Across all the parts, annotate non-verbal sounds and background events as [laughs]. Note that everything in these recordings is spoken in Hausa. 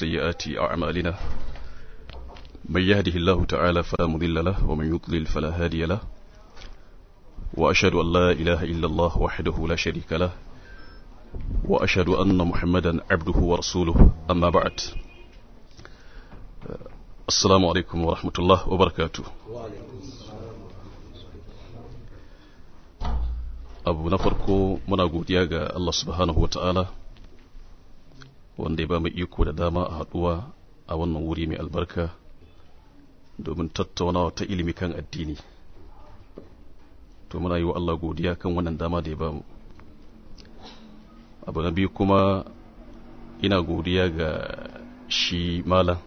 سيئات أعمالنا من يهده الله تعالى فلا مضل له ومن يضلل فلا هادي له وأشهد أن لا إله إلا الله وحده لا شريك له وأشهد أن محمدا عبده ورسوله أما بعد السلام عليكم ورحمة الله وبركاته أبو نفركو farko muna الله سبحانه وتعالى wanda ya ba mu iko da dama a haɗuwa a wannan wuri mai albarka domin tattaunawa ta ilimi kan addini to muna yi wa Allah godiya kan wannan dama da ya ba mu abu na biyu kuma ina godiya ga shi malam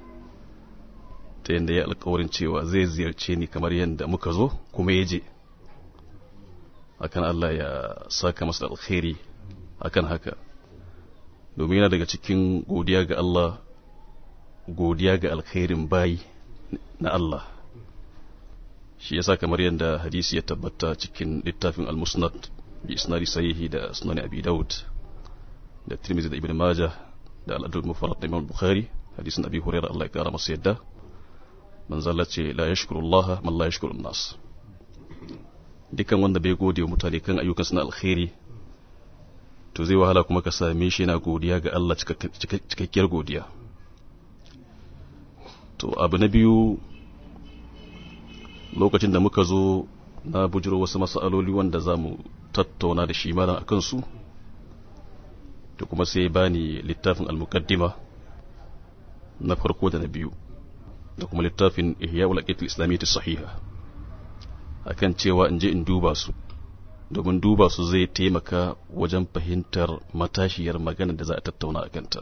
ta yadda ya alkawarin cewa zai ziyarce ni kamar yadda muka zo kuma ya je akan Allah ya saka masa alkhairi akan haka domin yana daga cikin godiya ga Allah godiya ga alkhairin bayi na Allah shi yasa kamar yadda hadisi ya tabbata cikin littafin al-musnad bi isnadi sahihi da sunan abi daud da tirmidhi da ibn majah da al-adl mufrad da imam bukhari hadisin abi hurairah Allah ya kara masa yadda manzala ce la yashkuru Allah man la yashkuru nas dukan wanda bai gode wa mutane kan ayyukan na alkhairi to zai wahala kuma ka same shi yana godiya ga Allah cikakkiyar godiya to abu na biyu lokacin da muka zo na bujiro wasu matsaloli wanda za mu tattauna da shi malam a kansu da kuma sai bani littafin al-muqaddima na farko da na biyu da kuma littafin ihya ul islami ta sahiha akan cewa in je in duba su domin duba su zai taimaka wajen fahimtar matashiyar magana da za a tattauna a kanta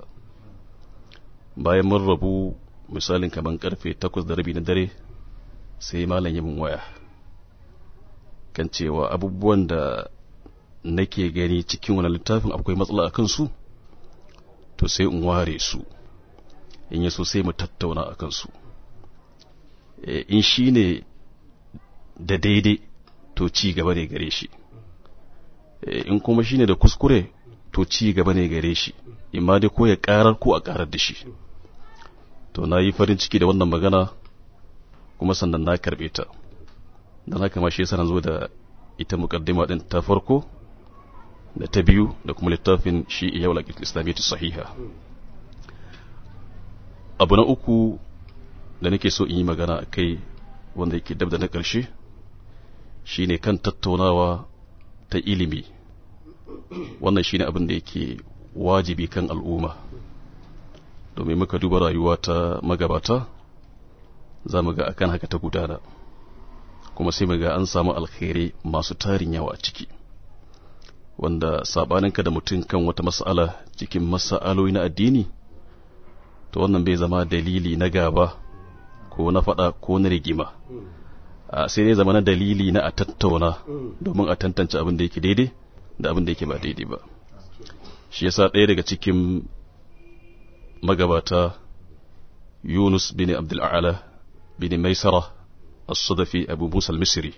bayan mun rabu misalin kamar karfe takwas da rabi na dare sai malam yi mun waya kan cewa abubuwan da nake gani cikin wani littafin akwai matsala a kansu to sai in ware su in ya sai mu tattauna a kansu eh, in shi ne da daidai to ci gaba ne gare shi Eh, in kuma shine da kuskure to ci gaba ne gare shi imma dai ko ya karar ko a karar da shi to na yi farin ciki da wannan magana kuma sannan na karbe ta da haka ma shi yasa zo da ita mukaddima din ta farko da ta biyu da kuma littafin shi islamiyya ta sahiha abu na uku da nake so in yi magana a kai wanda yake dab da na ƙarshe shine kan tattaunawa ta ilimi wannan shine abin da yake wajibi kan al'umma domin muka duba rayuwa ta magabata za mu ga akan haka ta gudana kuma sai mu ga an samu alkhairi masu tarin yawa a ciki wanda sabaninka da mutum kan wata mas'ala cikin mas'aloli na addini to wannan bai zama dalili na gaba ko na faɗa ko na rigima sai dai zama na dalili na a tattauna mm. domin a tantance abin da yake daidai da abin da yake ba daidai ba shi yasa ɗaya daga cikin magabata yunus bin abdul'ala bin maisara as-sudafi abu musa misri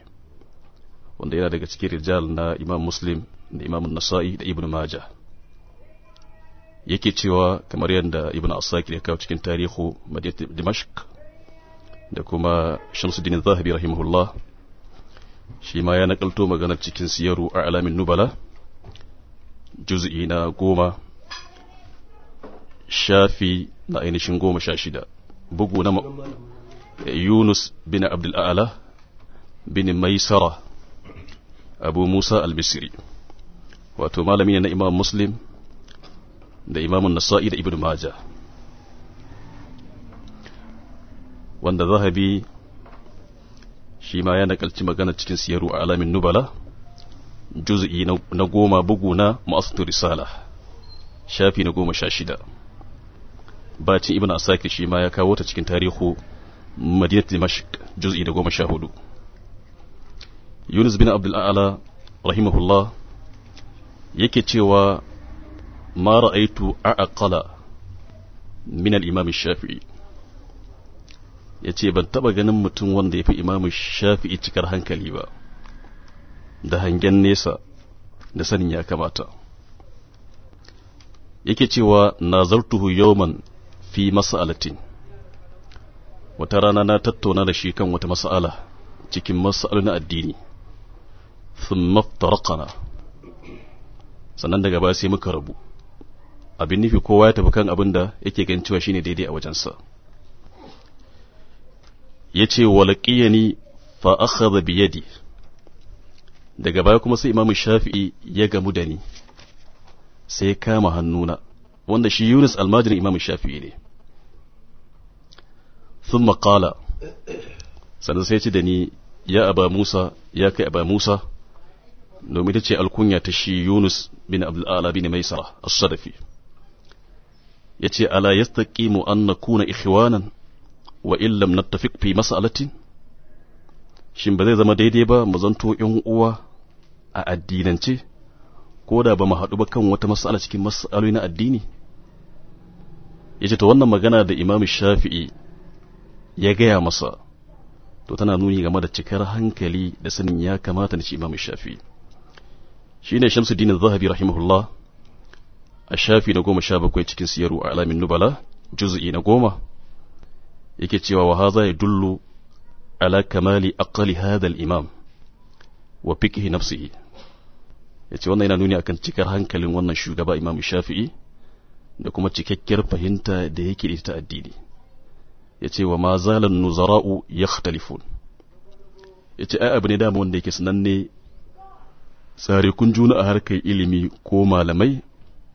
wanda yana daga cikin rijal na imam muslim da imam nasa'i da ibn maja yake cewa kamar yadda ibn asakir ya kawo cikin tarihu madinat dimashq da kuma shamsuddin zahabi rahimahullah shi ma ya nakalto maganar cikin siyaru a alamin nubala juz'i na goma shafi na ainihin goma sha shida bugu na yunus bin abdul'ala bin maisara abu musa albisiri wato malami ne na imam muslim da imamun nasa'i da ibn majah wanda zahabi shi ma ya nakalci magana cikin siyaru a alamin nubala juz'i na goma bugu na ma'asatu risala shafi na goma sha shida bacin ibn asaki shi ma ya kawo ta cikin tarihu madinat dimashq juz'i da goma sha hudu yunus bin abdul rahimahullah yake cewa ma ra'aitu a'aqala min al-imam shafi'i ya ce ban taɓa ganin mutum wanda ya fi imamu shafi'i cikar hankali ba da hangen nesa da sanin ya kamata yake cewa na zartuhu yawman fi mas'alatin wata rana na tattauna da shi kan wata mas'ala cikin mas'alu na addini thumma iftaraqana sannan daga ba sai muka rabu abin nufi kowa ya tafi kan abin da yake gan cewa shine daidai a wajensa ya ce walaƙiyani fa akhadha bi daga baya kuma sai imamu shafi'i ya gamu da ni sai ya kama hannuna wanda shi yunus almajin imamu shafi'i ne Sun maƙala sannan sai ya ce da ni ya aba musa ya kai aba musa domin ta ce alkunya ta shi yunus bin abdul'ala bin maisara as-sadafi ya ce ala yastaqimu an nakuna ikhwanan wa illam nattafiq fi mas'alatin shin ba zai zama daidai ba mu zanto 'yan uwa a addinance ko da ba mu haɗu ba kan wata mas'ala cikin mas'aloli na addini ce to wannan magana da Imam Shafi'i ya gaya masa to tana nuni game da cikar hankali da sanin ya kamata na ci Imam Shafi'i shine Shamsuddin Az-Zahabi rahimahullah a shafi na goma sha bakwai cikin siyaru a alamin nubala juzu'i na goma yake cewa wa haza yadullu ala kamali aqali hadha al-imam wa fikhi nafsihi yace wannan yana nuni akan cikar hankalin wannan shugaba Imam Shafi'i da kuma cikakkiyar fahimta da yake da ta addini yace wa ma zalan nuzara'u yakhtalifun yace ai abu ne da wanda yake sananne sare kun juna a harkar ilimi ko malamai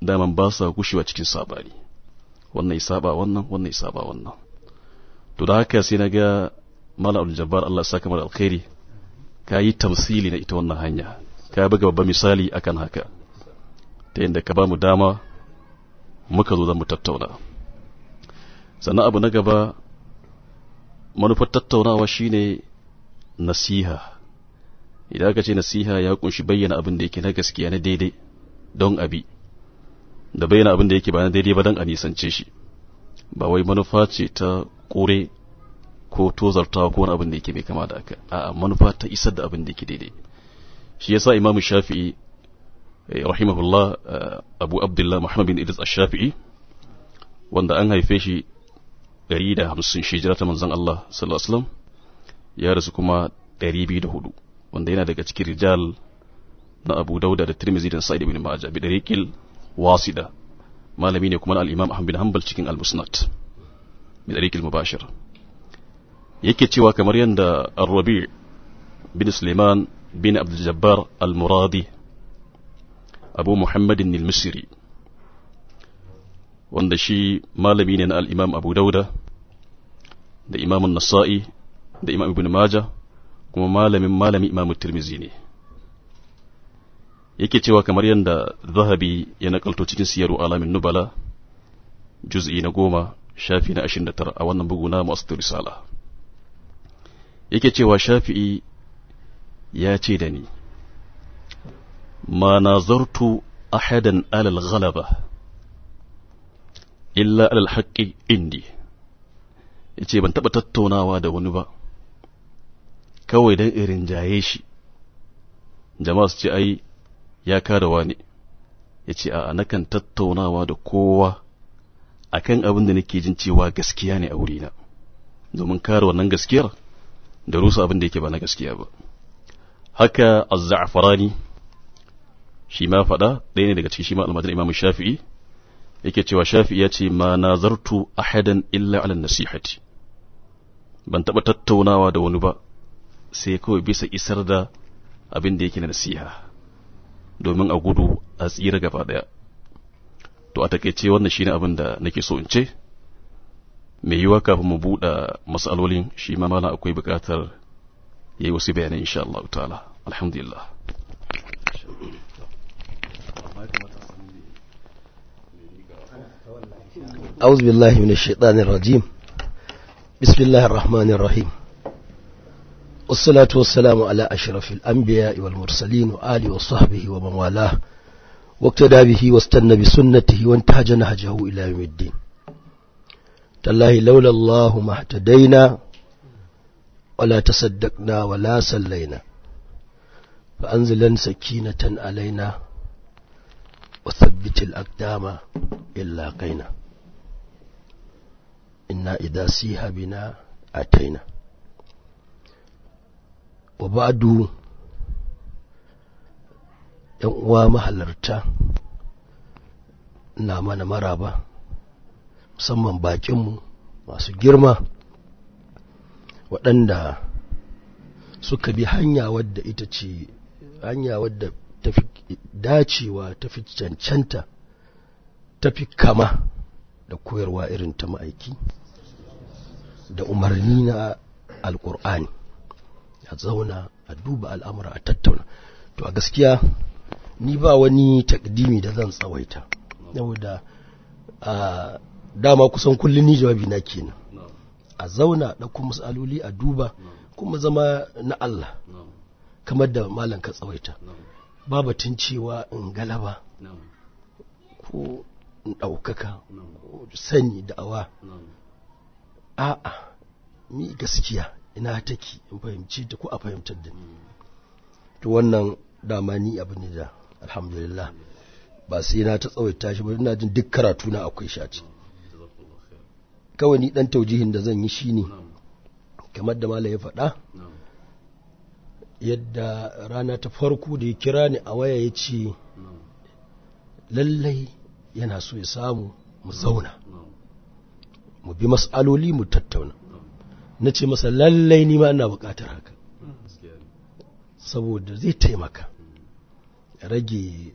daman ba sa gushewa cikin sabani wannan ya saba wannan wannan ya saba wannan to da haka sai na ga mala abdul-jabbar Allah ya saka mara alkhairi ka yi tamsili na ita wannan hanya ka buga babban misali akan haka ta yadda ka ba mu dama muka zo zan mu tattauna sannan abu na gaba manufar tattaunawa shine nasiha idan aka ce nasiha ya kunshi bayyana abin da yake na gaskiya na daidai don abi da bayyana abin da yake ba na daidai ba don a nisance shi ba wai manufa ce ta kore ko tozartawa ko wani abin da yake bai kama da aka a manufa ta isar da abin da yake daidai shi yasa imam shafi'i eh, rahimahullah eh, abu abdullah muhammad bin idris ash-shafi'i wanda an haife shi 150 shijira ta manzon Allah sallallahu alaihi wasallam ya rasu kuma 204 wanda yana daga cikin rijal na Abu Dauda da Tirmidhi da Sa'id ibn Majah bi dariqil wasida malami ne kuma al-Imam Ahmad bin Hanbal cikin al-Musnad bi tariqil mubashir yake cewa kamar yadda arrabi rabi bin Suleiman bin Abdul Jabbar al-Muradi Abu Muhammad al-Misri wanda shi malami ne na al'imam Abu Dauda da Imam nasai da Imam Ibn kuma malamin malami Imam Tirmizi ne yake cewa kamar yadda Zahabi ya nakalto cikin siyaru alamin Nubala juz'i na goma shafi na tara a wannan bugu na masu risala yake cewa shafi'i ya ce da ni ma zartu ahadan alal ghalaba illa alal haqqi indi yace ban taɓa tattaunawa da wani ba kawai dan irin jaye shi jama'a su ce ai ya kada wani yace a nakan tattaunawa da kowa akan abin da nake jin cewa gaskiya ne a wurina domin kare wannan gaskiyar da rusa abin da yake ba na gaskiya ba haka az-za'farani shi ma faɗa ɗaya ne daga cikin shi ma almajirin imamu shafi'i yake cewa shafi'i ya ce ma nazartu ahadan illa ala nasihati ban taɓa tattaunawa da wani ba sai kawai bisa isar da abin da yake na nasiha domin a gudu a tsira gaba ɗaya to a takaice wannan shine abin da nake so in ce mai yiwa kafin mu buɗe mas'alolin shi ma malam akwai buƙatar yayi wasu bayanai insha Allah ta'ala alhamdulillah أعوذ بالله من الشيطان الرجيم بسم الله الرحمن الرحيم والصلاة والسلام على أشرف الأنبياء والمرسلين وآله وصحبه ومن والاه واقتدى به واستنى بسنته وانتهج نهجه إلى يوم الدين تالله لولا الله ما اهتدينا ولا تصدقنا ولا صلينا فأنزلا سكينة علينا وثبت الأقدام إلا قينا إنا إذا سيها بنا أتينا وبعده 'yan uwa mahalarta na mana maraba musamman bakinmu masu girma waɗanda suka bi hanya wadda ita ce hanya wadda ta fi dacewa ta fi cancanta ta fi kama da koyarwa irin ta ma'aiki da umarni na alƙur'ani a zauna a duba al'amura a tattauna to a gaskiya ni ba wani takdimi da zan tsawaita saboda a dama kusan kullum ni jawabi na kenan a zauna da kuma masaloli a duba kuma zama na Allah kamar da malam ka tsawaita ba batun cewa in galaba ko in ɗaukaka sani da awa. a'a ni gaskiya ina take in fahimci ta ko a fahimtar da ni to wannan dama ni abu da alhamdulillah ba sai na ta tsawaita shi ba ina jin duk karatu na akwai shaci kawai ni dan taujihin da zan yi shine kamar da malai ya faɗa yadda rana ta farko da ya kira ni a waya ya ce lallai yana so ya samu mu zauna mu bi mas'aloli mu tattauna na ce masa lallai ni ma ina buƙatar haka saboda zai taimaka rage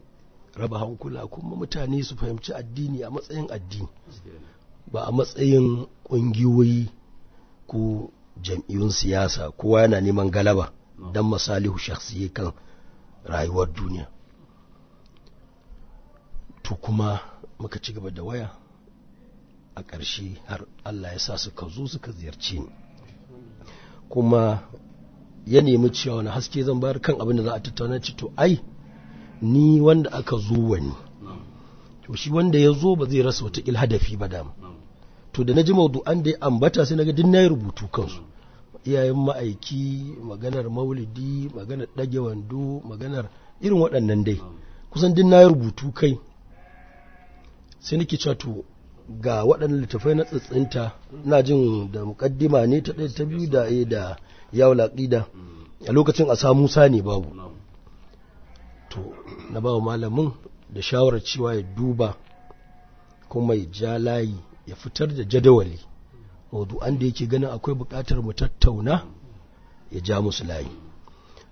raba hankula kuma mutane su fahimci addini a matsayin addini ba a matsayin ƙungiyoyi ko jam'iyyun siyasa kowa yana neman galaba don masalihu shakhsiyya kan rayuwar duniya to kuma muka ci gaba da waya a ƙarshe har Allah ya sa suka zo suka ziyarci ni kuma ya nemi cewa wani haske zan bayar kan abin da za a tattauna ci to ai ni wanda aka zo wani to shi wanda ya zo ba zai rasa wata hadafi ba dama to da na ji maudu'an da ya ambata sai na ga duk rubutu kansu iyayen ma'aiki maganar maulidi maganar ɗage wando maganar irin waɗannan dai kusan duk nayi rubutu kai sai nake cewa to ga waɗannan littafai na tsintsinta, na jin da mukaddima ne ta ɗaya ta biyu da ya eh, da yawon a lokacin a samu ne babu na ba malamin da shawarar cewa ya duba kuma ya ja layi ya fitar da jadawali an da yake ganin akwai bukatar mu tattauna ya ja musu layi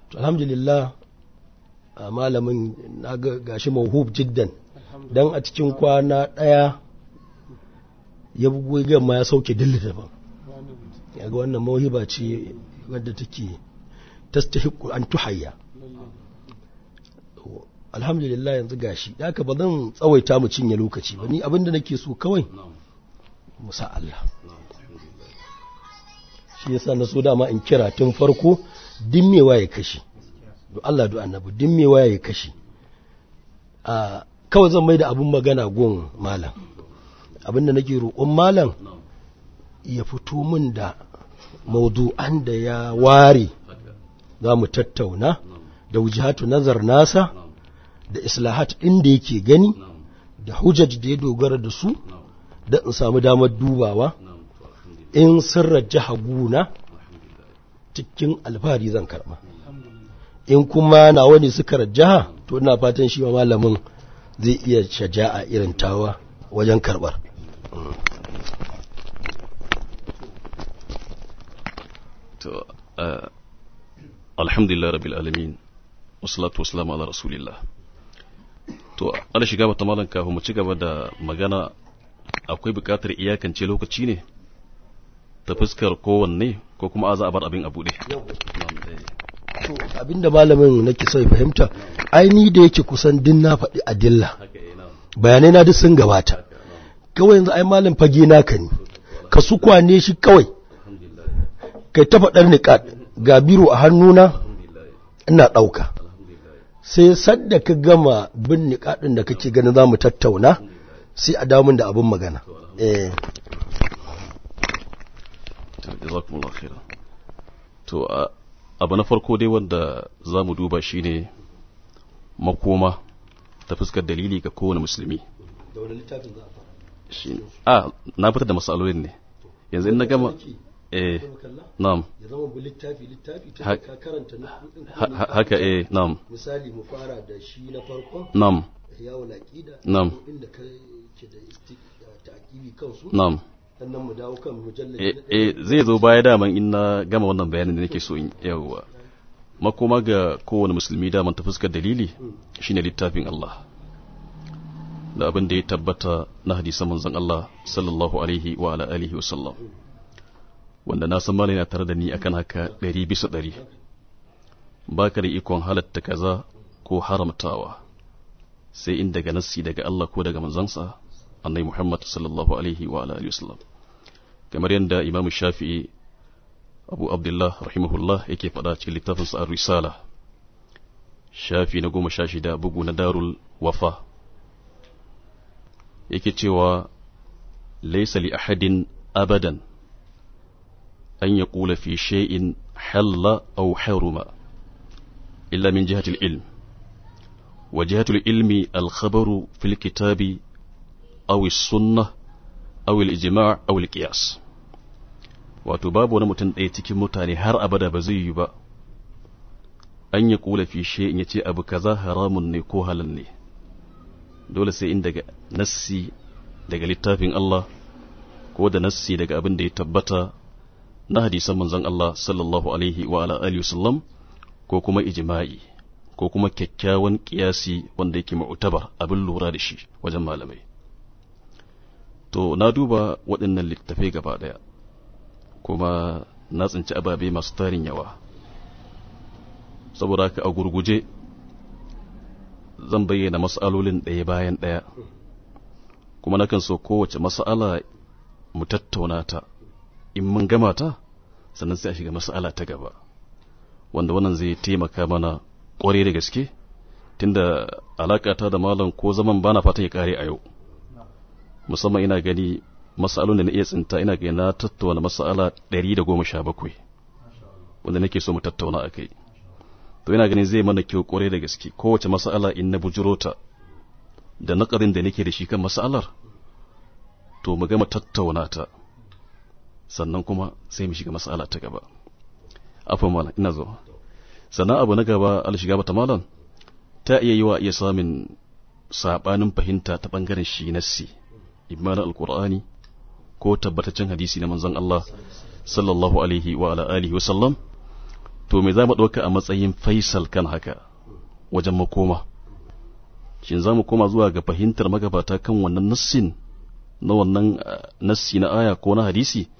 to alhamdulillah a malamin na gashi mahub jiddan dan a cikin kwana ɗaya ya bugu ma ya sauke dillita daban ga wannan mawhiba ce wadda take tastahiqu an tuhayya alhamdulillah yanzu gashi da haka ba zan tsawaita mu cinye lokaci ba ni abin abinda nake so kawai musa Allah shi yasa na so dama in kira tun farko dimmewa ya kashi do Allah do annabi dimmewa ya kashi a kawai zan mai da abin magana gon malam abin da nake roƙon malam ya fito min da maudu'an da ya ware za mu tattauna da wujihatu nazar nasa da islahat ɗin da yake gani da hujjaj da ya dogara da su da in samu damar dubawa in sirrar guna cikin alfahari zan karɓa in kuma na wani suka rajaha to ina fatan shi ma malamin zai iya shaja'a irin tawa wajen karɓar uh, alhamdulillah rabbil alamin wasu wassalatu wassalamu ala rasulillah to ana shiga bata malam kafin mu ci gaba da magana akwai buƙatar iyakance lokaci ne ta fuskar kowanne ko kuma a za a bar abin a buɗe to abinda malamin nake so ya fahimta aini da yake kusan din na faɗi adilla eh, bayanai na duk sun gabata kawai yanzu ai malam fage na ka ne ka su kwane shi kawai kai ta faɗar niƙad ga biro a hannuna ina ɗauka sai sadda ka gama bin niƙaɗin da kake ganin za mu tattauna sai a damun da abin magana eh. to abu na farko dai wanda za mu duba shi ne makoma ta fuskar dalili ga kowane musulmi a na fitar da matsalolin ne yanzu in na gama eh na'am ya zama bu littafi littafi ta ka karanta haka eh nam misali mu fara da shi na farko nam ya wala kida nam inda ke da ta'kibi kansu nam sannan mu dawo kan mujallal eh, eh zai zo baya daman in na gama wannan bayanin da nake so in yawa makoma ga kowane musulmi daman ta fuskar dalili hmm. shine littafin Allah da abin da ya tabbata na hadisan manzon Allah sallallahu alaihi wa ala alihi wa sallam hmm. wanda na san malai na tare da ni akan haka ɗari bisa ɗari ba ka da ikon halatta kaza ko haramtawa sai in daga nassi daga Allah ko daga manzansa annai Muhammad sallallahu alaihi wa alihi wasallam kamar yadda Imam Shafi'i Abu Abdullah rahimahullah yake faɗa cikin littafin sa Risala shafi na goma sha shida bugu na Darul Wafa yake cewa laysa li ahadin abadan أن يقول في شيء حل أو حرم إلا من جهة العلم وجهة العلم الخبر في الكتاب أو السنة أو الإجماع أو القياس وتباب ونمتن أيتك متاني هر أبدا بزيبا an ya kula fi in ya ce abu kaza haramun ne ko halal ne dole sai in daga nassi daga littafin Allah ko da nassi daga abin da ya tabbata na hadisan manzon Allah sallallahu alaihi wa ala alihi sallam ko kuma ijma'i ko kuma kyakkyawan kiyasi wanda yake mu'tabar abin lura da shi wajen malamai to na duba waɗannan littafai gaba ɗaya kuma na tsinci ababe masu tarin yawa saboda ka a gurguje zan bayyana mas'alolin ɗaya bayan ɗaya kuma nakan so kowace mas'ala mu tattauna ta in mun gama ta sannan sai a shiga mas'ala ta gaba wanda wannan zai taimaka mana ƙwarai da gaske tunda ta da malam ko zaman bana fatan ya kare a yau musamman ina gani masalun da na iya tsinta ina ga na tattauna masala 117 wanda nake so mu tattauna akai to ina ganin zai mana kyau ƙwarai da gaske kowace masala in na bujuro ta da nakarin da nake da shi kan masalar to mu gama tattauna ta sannan kuma sai mu shiga mas'ala ta gaba afwan ina zo sannan abu na gaba alshiga bata malam ta iya yi wa iya samun sabanin fahimta ta bangaren shi nassi imanin alkur'ani ko tabbataccen hadisi na manzon Allah sallallahu alaihi wa ala alihi wasallam to me za mu ɗauka a matsayin faisal kan haka wajen makoma shin za mu koma zuwa ga fahimtar magabata kan wannan nassin na wannan eh, nassi na aya ko na hadisi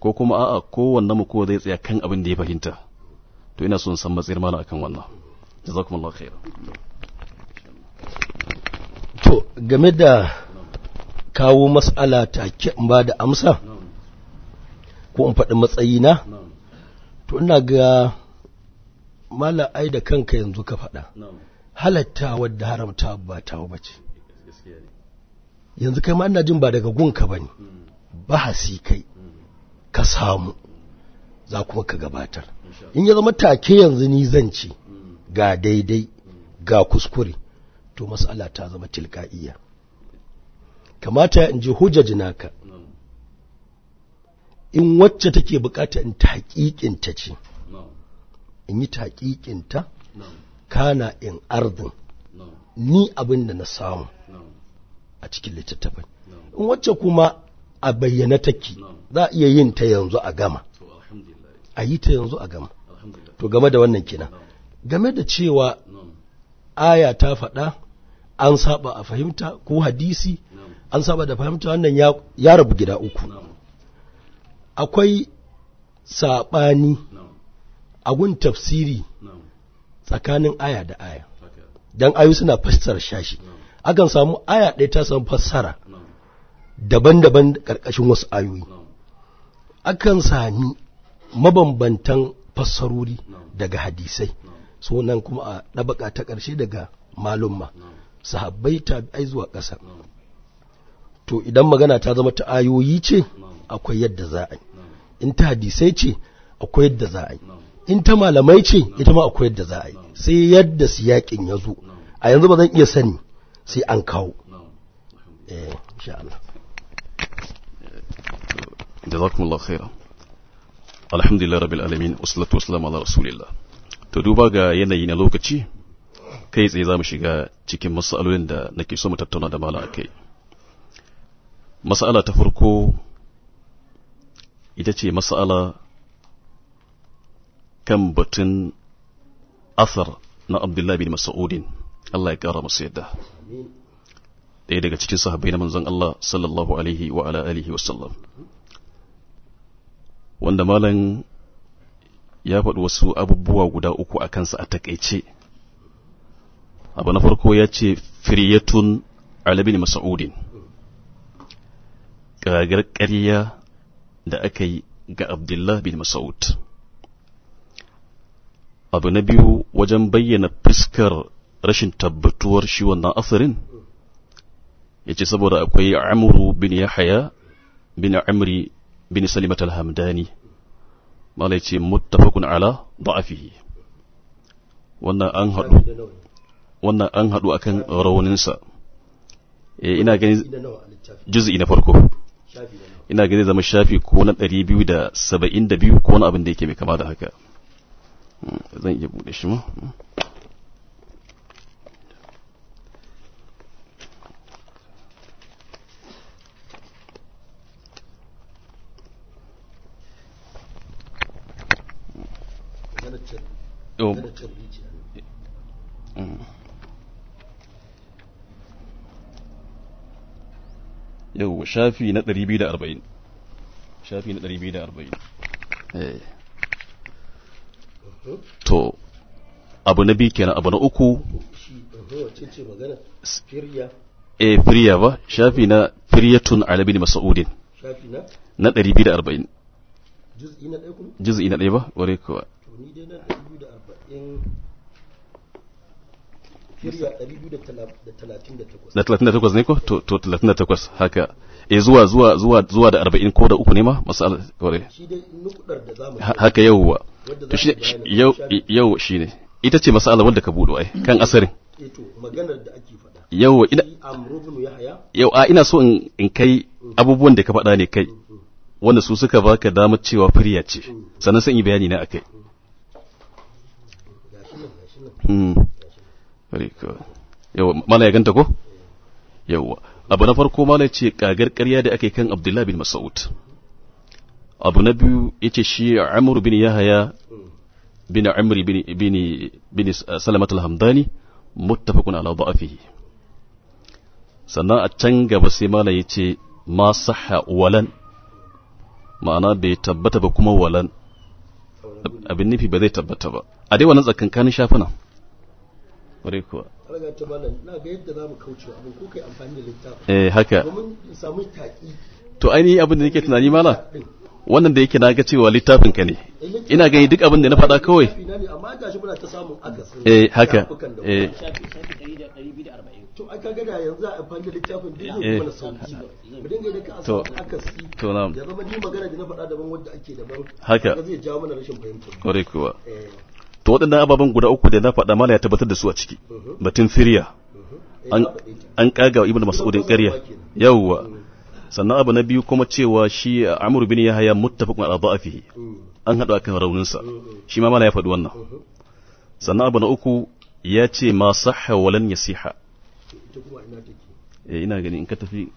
ko kuma a'a kowanne mu kowa zai tsaya kan abin da ya fahimta to ina son san matsayar mana akan wannan jazakumullahu khair to game da kawo mas'ala ta in ba da amsa ko in faɗi na, to ina ga mala ai da kanka yanzu ka faɗa halatta wadda haramta ba ta ba ce yanzu kai ma ina jin ba daga gunka ba ne bahasi kai ka samu za kuma ka gabatar in ya zama take yanzu ni zan ci ga daidai ga kuskure to mas'ala ta zama tilka'iyya kamata in ji hujjaji naka in wacce take bukata in taƙiƙinta ce in yi taƙiƙinta kana in arzin ni abin da na samu a cikin littattafai in wacce kuma a bayyana take za a iya yin ta yanzu a gama a yi ta yanzu a gama to game da wannan kina game da cewa aya ta faɗa an saba a fahimta ko hadisi an saba da fahimta wannan ya rabu gida uku akwai saɓani agun tafsiri tsakanin aya da aya don ayu suna fassara shashi akan samu aya ɗaya ta samu fassara daban-daban ƙarƙashin wasu ayoyi akan sami mabambantan fassarori daga hadisai sunan kuma a ɗabaka ta ƙarshe daga malumma sahabbai ai zuwa ƙasa to idan magana ta zama ta ayoyi ce akwai yadda za a in ta hadisai ce akwai yadda za a in ta malamai ce ita ma akwai yadda za a sai yadda siyaƙin ya zo a yanzu ba zan iya sani sai an kawo eh insha Allah jazakumullahu khaira alhamdulillah rabbil alamin wassalatu wassalamu ala rasulillah to duba ga yanayi na lokaci kai tsaye zamu shiga cikin masalolin da nake so mu tattauna da malam kai masala ta farko ita ce masala kan batun asar na abdullahi bin mas'udin Allah ya kara masa yadda ɗaya daga cikin sahabbai na manzon Allah sallallahu alaihi wa ala alihi sallam. wanda malam ya faɗi wasu abubuwa guda uku a kansa a takaice abu na farko ya ce firyatun alabini masa'udin ƙagar ƙarya da aka yi ga abdullah bin masa'ud abu na biyu wajen bayyana fiskar rashin tabbatuwar shi wannan asirin ya ce saboda akwai amuru bin yahaya bin amri bin salimat al-hamdani malai ce muttafaqun ala da'afihi wannan an haɗu wannan an haɗu akan rauninsa eh ina gani juz'i na farko ina gani zama shafi ko na 272 ko wani abin da yake mai kama da haka hmm, zan iya bude shi ma hmm. yau shafi na 240 shafi na 240 eh to abu na biyu kenan abu na uku e firiya ba shafi na firiyatun alabi masaudin na 240 juz'i na ɗaya ba ware kuwa da talatin da takwas ne ko to talatin da takwas haka e zuwa zuwa zuwa zuwa da arba'in ko da uku ne ma masala kware haka yawwa to shi yau yau shine ita ce masala wanda ka budo ai hmm. kan asarin eh, to ina yau a ina so in kai hmm. abubuwan da ka faɗa ne kai hmm, wanda su suka baka damar cewa firya ce sannan sun yi bayani na akai yawa mala ya ganta ko yawa abu na farko mala ce kagar karya da ake kan abdullahi bin mas'ud abu na biyu ya ce shi amr bin yahaya bin amr bin salamatul hamdani muttafaqun ala da'afihi sannan a can gaba sai mala ce ma sahha walan ma'ana bai tabbata ba kuma walan abin nufi ba zai tabbata ba a dai wannan tsakankanin shafunan ƙwarai kuwa malam haka to ainihin abin da nake tunani wannan da yake na ga cewa littafin ka ne eh, ina gani duk abin da na faɗa kawai amma ga shi muna ta samun akasin eh haka eh to ai kaga da yanzu a amfani littafin duk zai eh. sauki mu dinga da ka to na. magana da na faɗa daban wanda ake daban haka zai jawo mana rashin fahimta kuwa eh. to waɗannan ababen guda uku da na faɗa mala ya tabbatar da su a ciki mhm. batun firiya mhm. an kaga ibn mas'udin ƙarya yawwa mhm. sannan abu na biyu kuma cewa shi uh, amur bin ya yahya muttafaqun ala da'afihi an a akan rauninsa shi ma mala ya faɗi wannan sannan abu na uku ya ce ma sahha walan yasiha eh, ina gani in ka tafi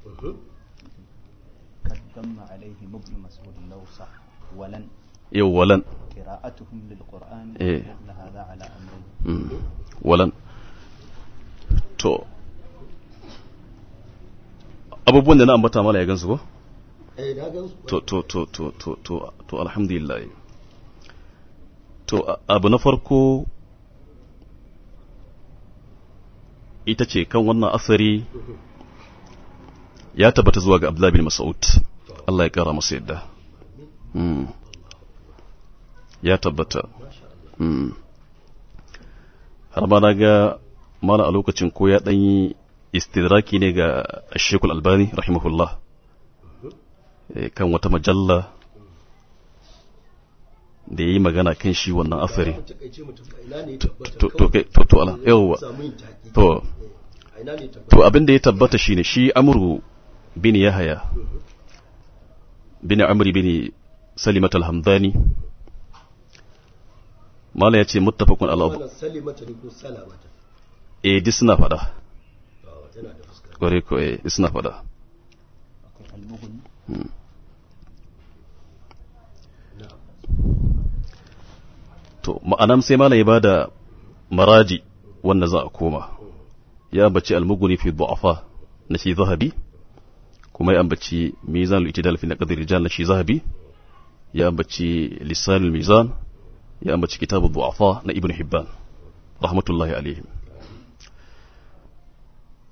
قدم عليهم ابن abubuwan da na ambata mala ya gansu ko? Eh, to to to to to to to alhamdulillah to abu na farko ita ce kan wannan asari ya tabbata zuwa ga Abdullahi bin Mas'ud Allah ya kara masa yadda ya tabbata har ma na ga mana a lokacin ko ya yi istidraki ne ga al albani rahimahullah kan wata majalla da ya yi magana kan shi wannan asari to to abin da ya tabbata shi ne shi amuru bin yahaya bin amri bin salimat alhamdani mala ya ce muttafaqun ala eh duk suna fada ah, kware ko eh suna fada hmm. to ma'anan sai mala ya bada maraji wanda za koma ya bace almuguni fi du'afa na shi zahabi kuma ya ambaci mizan al-i'tidal na ƙadar rijal shi zahabi ya ambaci lisan mizan ya ambaci kitabu bu'afa na ibn hibban rahmatullahi alaihim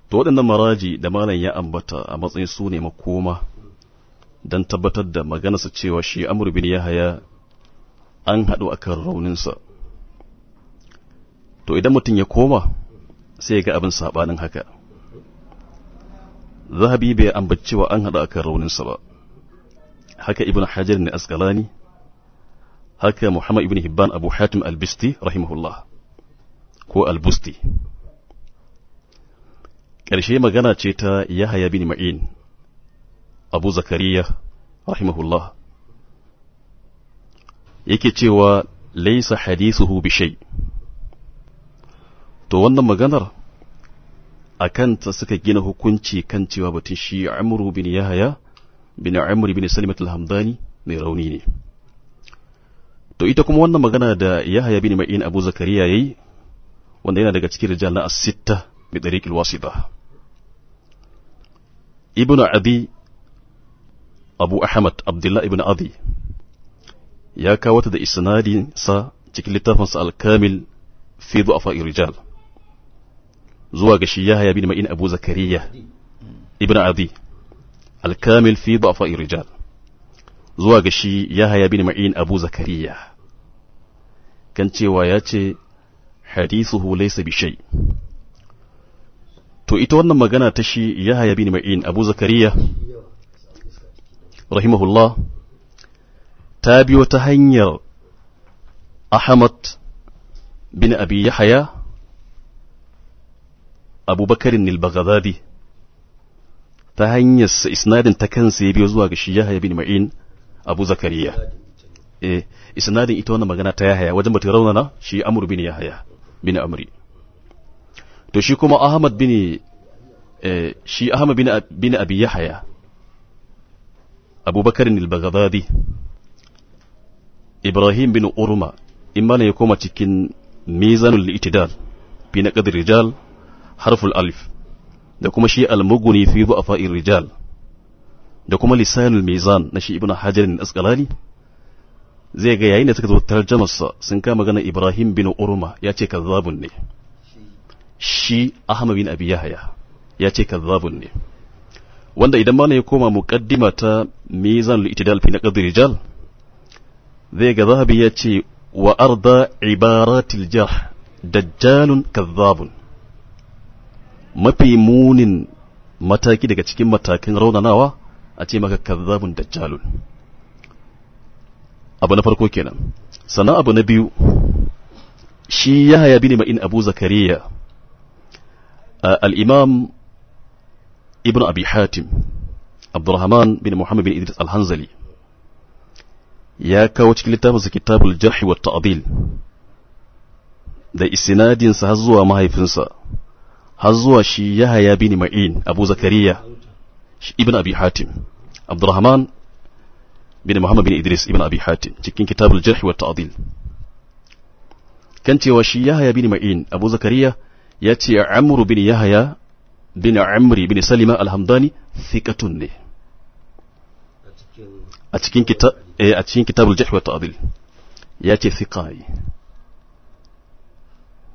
to waɗannan maraji da malam ya ambata a matsayin su ne makoma don tabbatar da maganarsa cewa shi amurbin ya yahaya an haɗu a kan rauninsa to idan mutum ya koma sai ya ga abin saɓanin haka zahabi bai ambaci wa an haɗa akan rauninsa ba haka ibn hajar ne asqalani haka muhammad ibn hibban abu hatim al-bisti rahimahullah ko al-busti ƙarshe magana ce ta yahaya bin ma'in abu zakariya rahimahullah yake cewa laisa hadithuhu bi to wannan maganar a kanta suka gina hukunci kan cewa batun shi amuru bin yahaya bin amuru bin salimat mai rauni ne to ita kuma wannan magana da yahaya bin ma'in abu zakariya yayi wanda yana daga cikin rijal na as-sitta bi tariqil wasita ibnu adi abu ahmad abdullah Ibn adi ya kawo ta da isnadin sa cikin littafinsa alkamil kamil fi du'afa rijal zuwa ga shi yahaya bin ma'in abu zakariya ibn adi alkamil fi da'fa irjal zuwa ga shi yahaya bin ma'in abu zakariya kan cewa ya ce hadithuhu laysa bi shay to ita wannan magana ta shi yahaya bin ma'in abu zakariya rahimahullah ta biyo ta hanyar ahmad bin abi yahaya Abu abubakarin nilbagazadi ta hanyar isnadin ta kansa ya biyo zuwa ga shi yahaya bin ma'in abu zakariya eh isnadin ita wannan magana ta yahaya wajen bata raunana shi amur bin yahaya bin amri to shi kuma ahmad bin eh shi ahmad bin bin abi yahaya abubakarin nilbagazadi ibrahim bin urma imma ne ya koma cikin mizanul itidal na naqd rijal harful alif da kuma shi al-mughni fi du'afa'ir rijal da kuma lisanul mizan na shi ibnu hajar al zai ga yayin da suka zo tarjamarsa sun kama magana ibrahim bin urma ya ce kazzabun ne shi ahmad bin abi yahaya ya ce kazzabun ne wanda idan ma ya koma muqaddima ta mizan al-itidal fi naqd rijal zai ga zahabi ya ce wa arda ibaratil jarh dajjalun kazzabun mafi munin mataki daga cikin matakin raunanawa a ce maka kazzabun dajjalun abu na farko kenan sannan abu na biyu shi yahaya bin ma'in abu zakariya al-imam ibn abi hatim abdurrahman bin muhammad bin idris al-hanzali ya kawo cikin littafinsa kitabul jarhi wa ta'dil da isinadinsa har zuwa mahaifinsa har zuwa shi yahaya bin ma'in abu zakariya ibn abi hatim abdurrahman bin muhammad bin idris ibn abi hatim cikin kitabul jarh wa ta'dil kan cewa shi yahaya bin ma'in abu zakariya ya ce amru bin yahaya bin amri bin salima alhamdani thiqatun ne a cikin kitab eh a cikin kitabul jarh wa ta'dil ya ce thiqai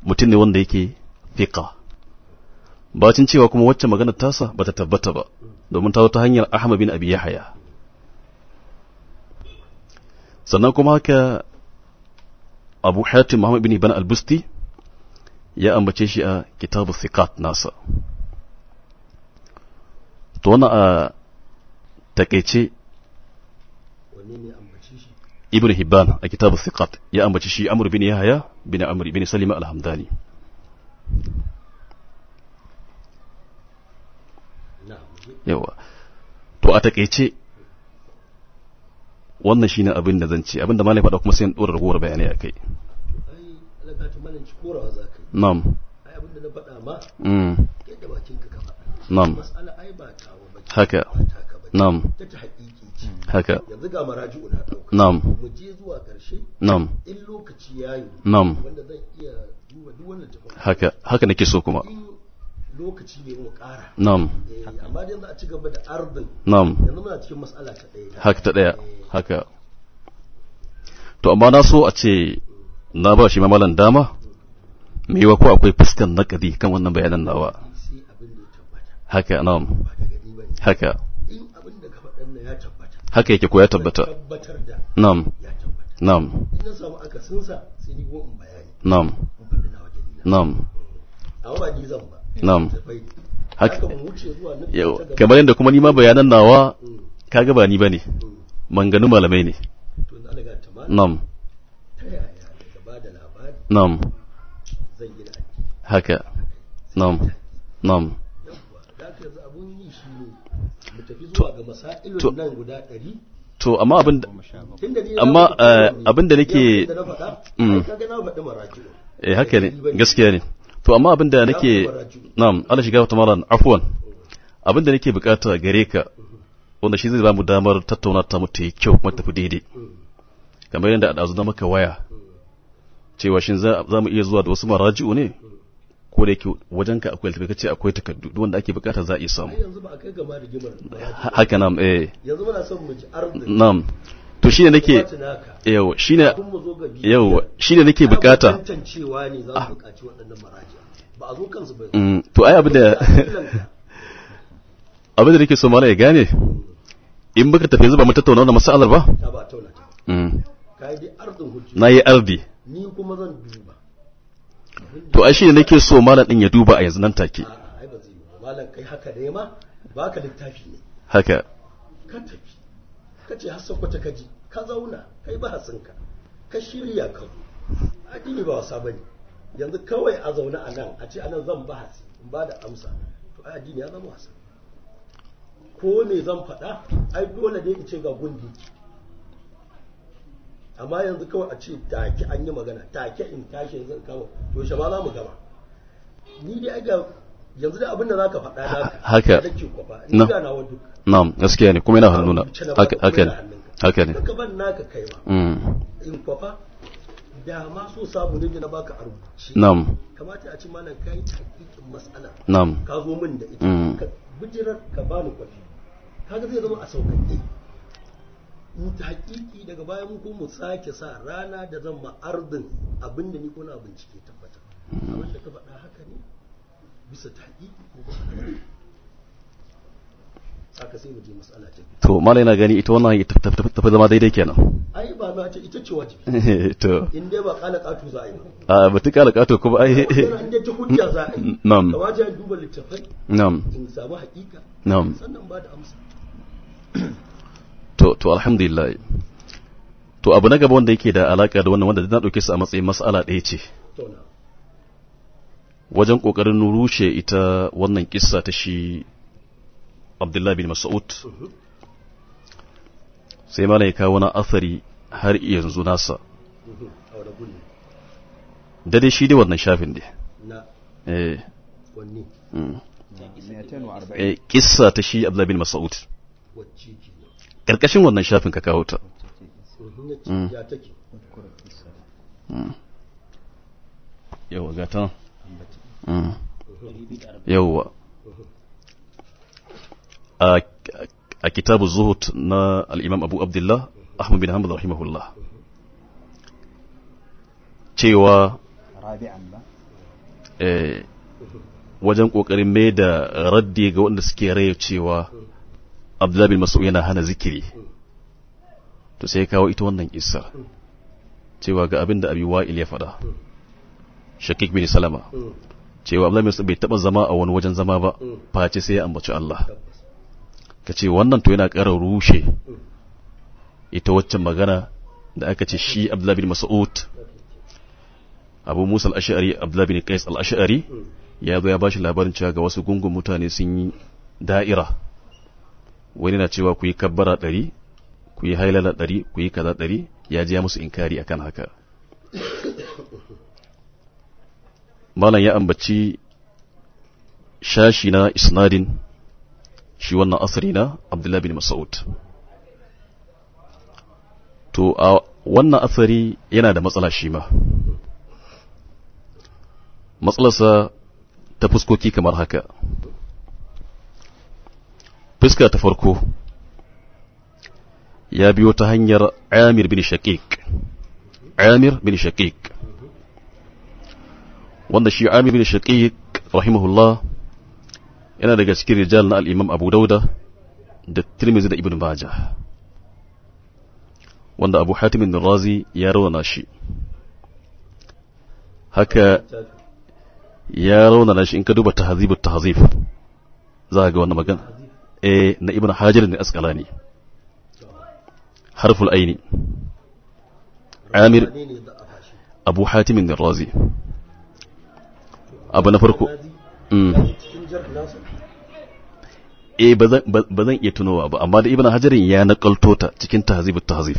mutum ne wanda yake thiqa bacin cewa kuma wacce magana tasa ta tabbata ba domin ta ta hanyar Ahmad bin Abi Yahya sannan kuma haka Abu Hatim Muhammad bin Ibn al-Busti ya ambace shi a Kitabu Thiqat nasa to wannan a takeice Ibn Hibban a Kitabu Thiqat ya ambace shi Amr bin Yahaya bin Amr bin Salima al-Hamdani yawa to a takaice wannan shine abin da zan ce abin da malai faɗa kuma sai in ɗora ragowar bayanai a kai nam mm. nam haka nam haka yanzu nam nam nam iya haka haka nake so kuma lokaci ne mu kara. na'am eh, amma dai za a ci gaba da ardin na'am yanzu muna cikin mas'ala ta ɗaya haka ta ɗaya eh. haka to amma na so a ce na ba shi mamalan dama me yiwa ko akwai fuskar naƙadi kan wannan bayanan nawa haka na'am haka haka yake ko ya tabbata na'am na'am na'am na'am a wa ba na'am kamar yadda kuma nima bayanan nawa mm. kaga ba ni ne, manganu mm. malamai ne na'am na'am haka na'am na'am to amma abin amma eh, abin da nake mm. eh haka ne gaskiya ne to amma abin da nake na'am Allah shiga ta malan afwan abin da nake bukata gare ka wanda shi zai ba mu damar tattauna ta mu tayi kyau kuma tafi daidai kamar yadda a ɗazu na maka waya cewa shin za mu iya zuwa da wasu maraji'u ne ko da yake wajen ka akwai littafi kace akwai takardu duk wanda ake bukata za a iya samu haka nam eh yanzu muna son mu ji arziki nam to shine nake shine shine nake bukata tantancewa ne za bukaci waɗannan maraji ba a zo kansu mm, to ai abin da abin da nake so mana ya gane in baka tafi zuba mu tattauna wannan masalar ba mm. na yi ardi ni kuma zan duba to ai shine nake so malam din ya duba a yanzu nan take malam kai haka littafi ne haka ka ce hassan kwata ka ji ka zauna kai ba hatsinka ka shirya ka zo addini ba wasa bane yanzu kawai a zauna a nan a ce anan zan ba hatsi in ba da amsa to ai addini ya zama wasa ko me zan faɗa ai dole ne in ce ga gundi amma yanzu kawai a ce take an yi magana take in tashi yanzu kama to shi ba za mu gama ni dai aga yanzu da abin da zaka faɗa haka na na gaskiya ne kuma yana hannuna haka ne haka ne ka ban naka kai ma mm. in kwafa da ma so sabu ne na baka a rubuce na'am kamata a ci malam kai hakikin mas'ala na'am ka zo min da ita mm. ka bijirar ka bani kwafi kaga zai zama a sauƙaƙe in ta hakiki daga bayan mu mu sake sa rana da zama ma'ardin abin da ni ko na bincike tabbata mm. abin da ka faɗa haka ne bisa taƙi ko sai mu je mas'ala ta biyu to malai yana gani ita wannan tafi zama daidai kenan ai ba ma ce ita ce wajibi to in dai ba kala kato za a yi a ba ta kala kato kuma ai in dai ta hujja za a yi na'am ka wajen duba littafai na'am in samu haƙiƙa na'am sannan ba da amsa to to alhamdulillah to abu na gaba wanda yake da alaka da wannan wanda na dauke su a matsayin mas'ala ɗaya ce to na'am wajen ƙoƙarin rushe ita wannan kissa ta shi abdullahi bin mas'ud sai mana ya kawo wani athari har yanzu nasa da dai shi dai wannan shafin eh. ne mm. eh, kissa ta shi abdullahi bin mas'ud ƙarƙashin wannan shafin ka kawo ta mm-hmm. yawa mm. mm. gata Mm. yawwa a kitabu zuhud na al'imam abu abdullah ahmad bin hamad rahimahullah cewa eh, wajen ƙoƙarin mai da raddi ga wanda suke raya cewa abdullah bin masu yana hana zikiri to sai kawo ita wannan isar cewa ga abin da abi wa'il ya faɗa shakik bin salama cewa Abdullahi bin bai taba zama a wani wajen zama ba mm. face sai ya ambaci Allah ka ce wannan to yana ƙara rushe mm. ita waccan magana da aka ce shi Abdullahi bin Mas'ud Abu Musa al-Ash'ari Abdullahi bin Qais al-Ash'ari mm. ya zo ya bashi labarin cewa ga wasu gungun mutane sun yi da'ira wani na cewa ku yi kabbara ɗari ku yi hailala ɗari ku yi kaza ɗari ya ji ya musu inkari akan haka [coughs] malam ya ambaci shashi na isnadin shi wannan asari na abdullahi bin mas'ud to a wannan asari yana da matsala shi ma matsalarsa ta fuskoki kamar haka fuska ta farko ya biyo ta hanyar amir bin shaqiq amir bin وان الشيء عامي بن الشقيق رحمه الله انا دقا سكير رجالنا الامام ابو داودة دا الترمزي دا ابن ماجه وان ابو حاتم بن الرازي يارونا شيء هكا يارونا شيء انك دوبا تهذيب التهذيب زاقوا وانا مكان ايه نا ابن حاجر اني اسقلاني حرف الأين عامر أبو حاتم الرازي abu na farko mm. eh ba zan iya tunowa ba amma da ibn hajarin ya nakalto ta cikin tahzib tahzib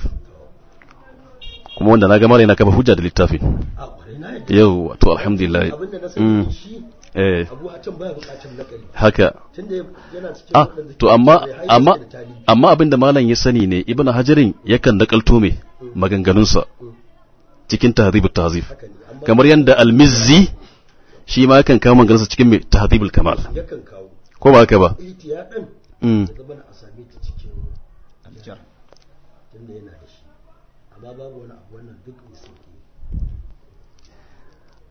kuma wanda na gama na kafa hujja da littafin yau to alhamdulillah mm. eh haka ah to amma amma amma abinda malam ya sani ne ibn hajarin yakan nakalto me maganganunsa cikin tahzib tahzib kamar yanda al-mizzi shi ma yakan kawo maganarsa cikin mai tahdhibul kamal ko ba haka ba mm.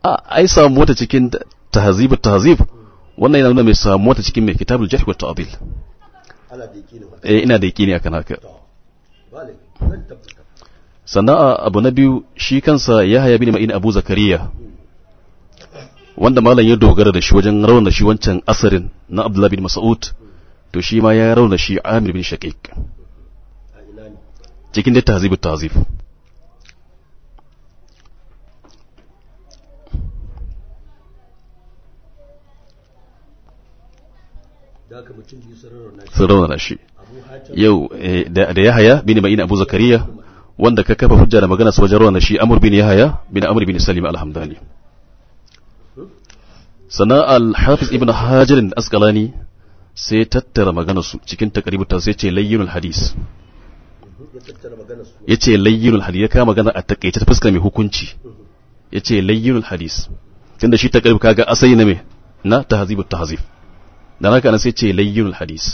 a ai samu wata cikin tahzibul tahzib wannan yana nuna mai samu wata cikin mai kitabul jarh wa ta'dil eh ina da yakini akan haka sannan abu na biyu shi kansa yahya bin ma'in abu zakariya mm. wanda malam ya dogara da shi wajen rauna shi wancan asarin na abdullahi bin mas'ud to shi ma ya rauna shi amir bin shaqiq cikin da tahzibu tahzib sun raunana shi yau eh, da yahaya bin ma'ina abu zakariya wanda ka kafa hujja da magana su wajen raunana shi amur bin yahaya bin amur bin salim alhamdulillah sannan al-hafiz ibn hajar al-asqalani sai tattara maganarsu cikin takaribu ta sai ce layyinul hadis ya ce layyinul hadis ya kama magana a takaice ta fuskar mai hukunci ya ce layyinul hadis tunda shi takaribu kaga asayi na me na ta tahzib dan haka nan sai ce layyinul hadis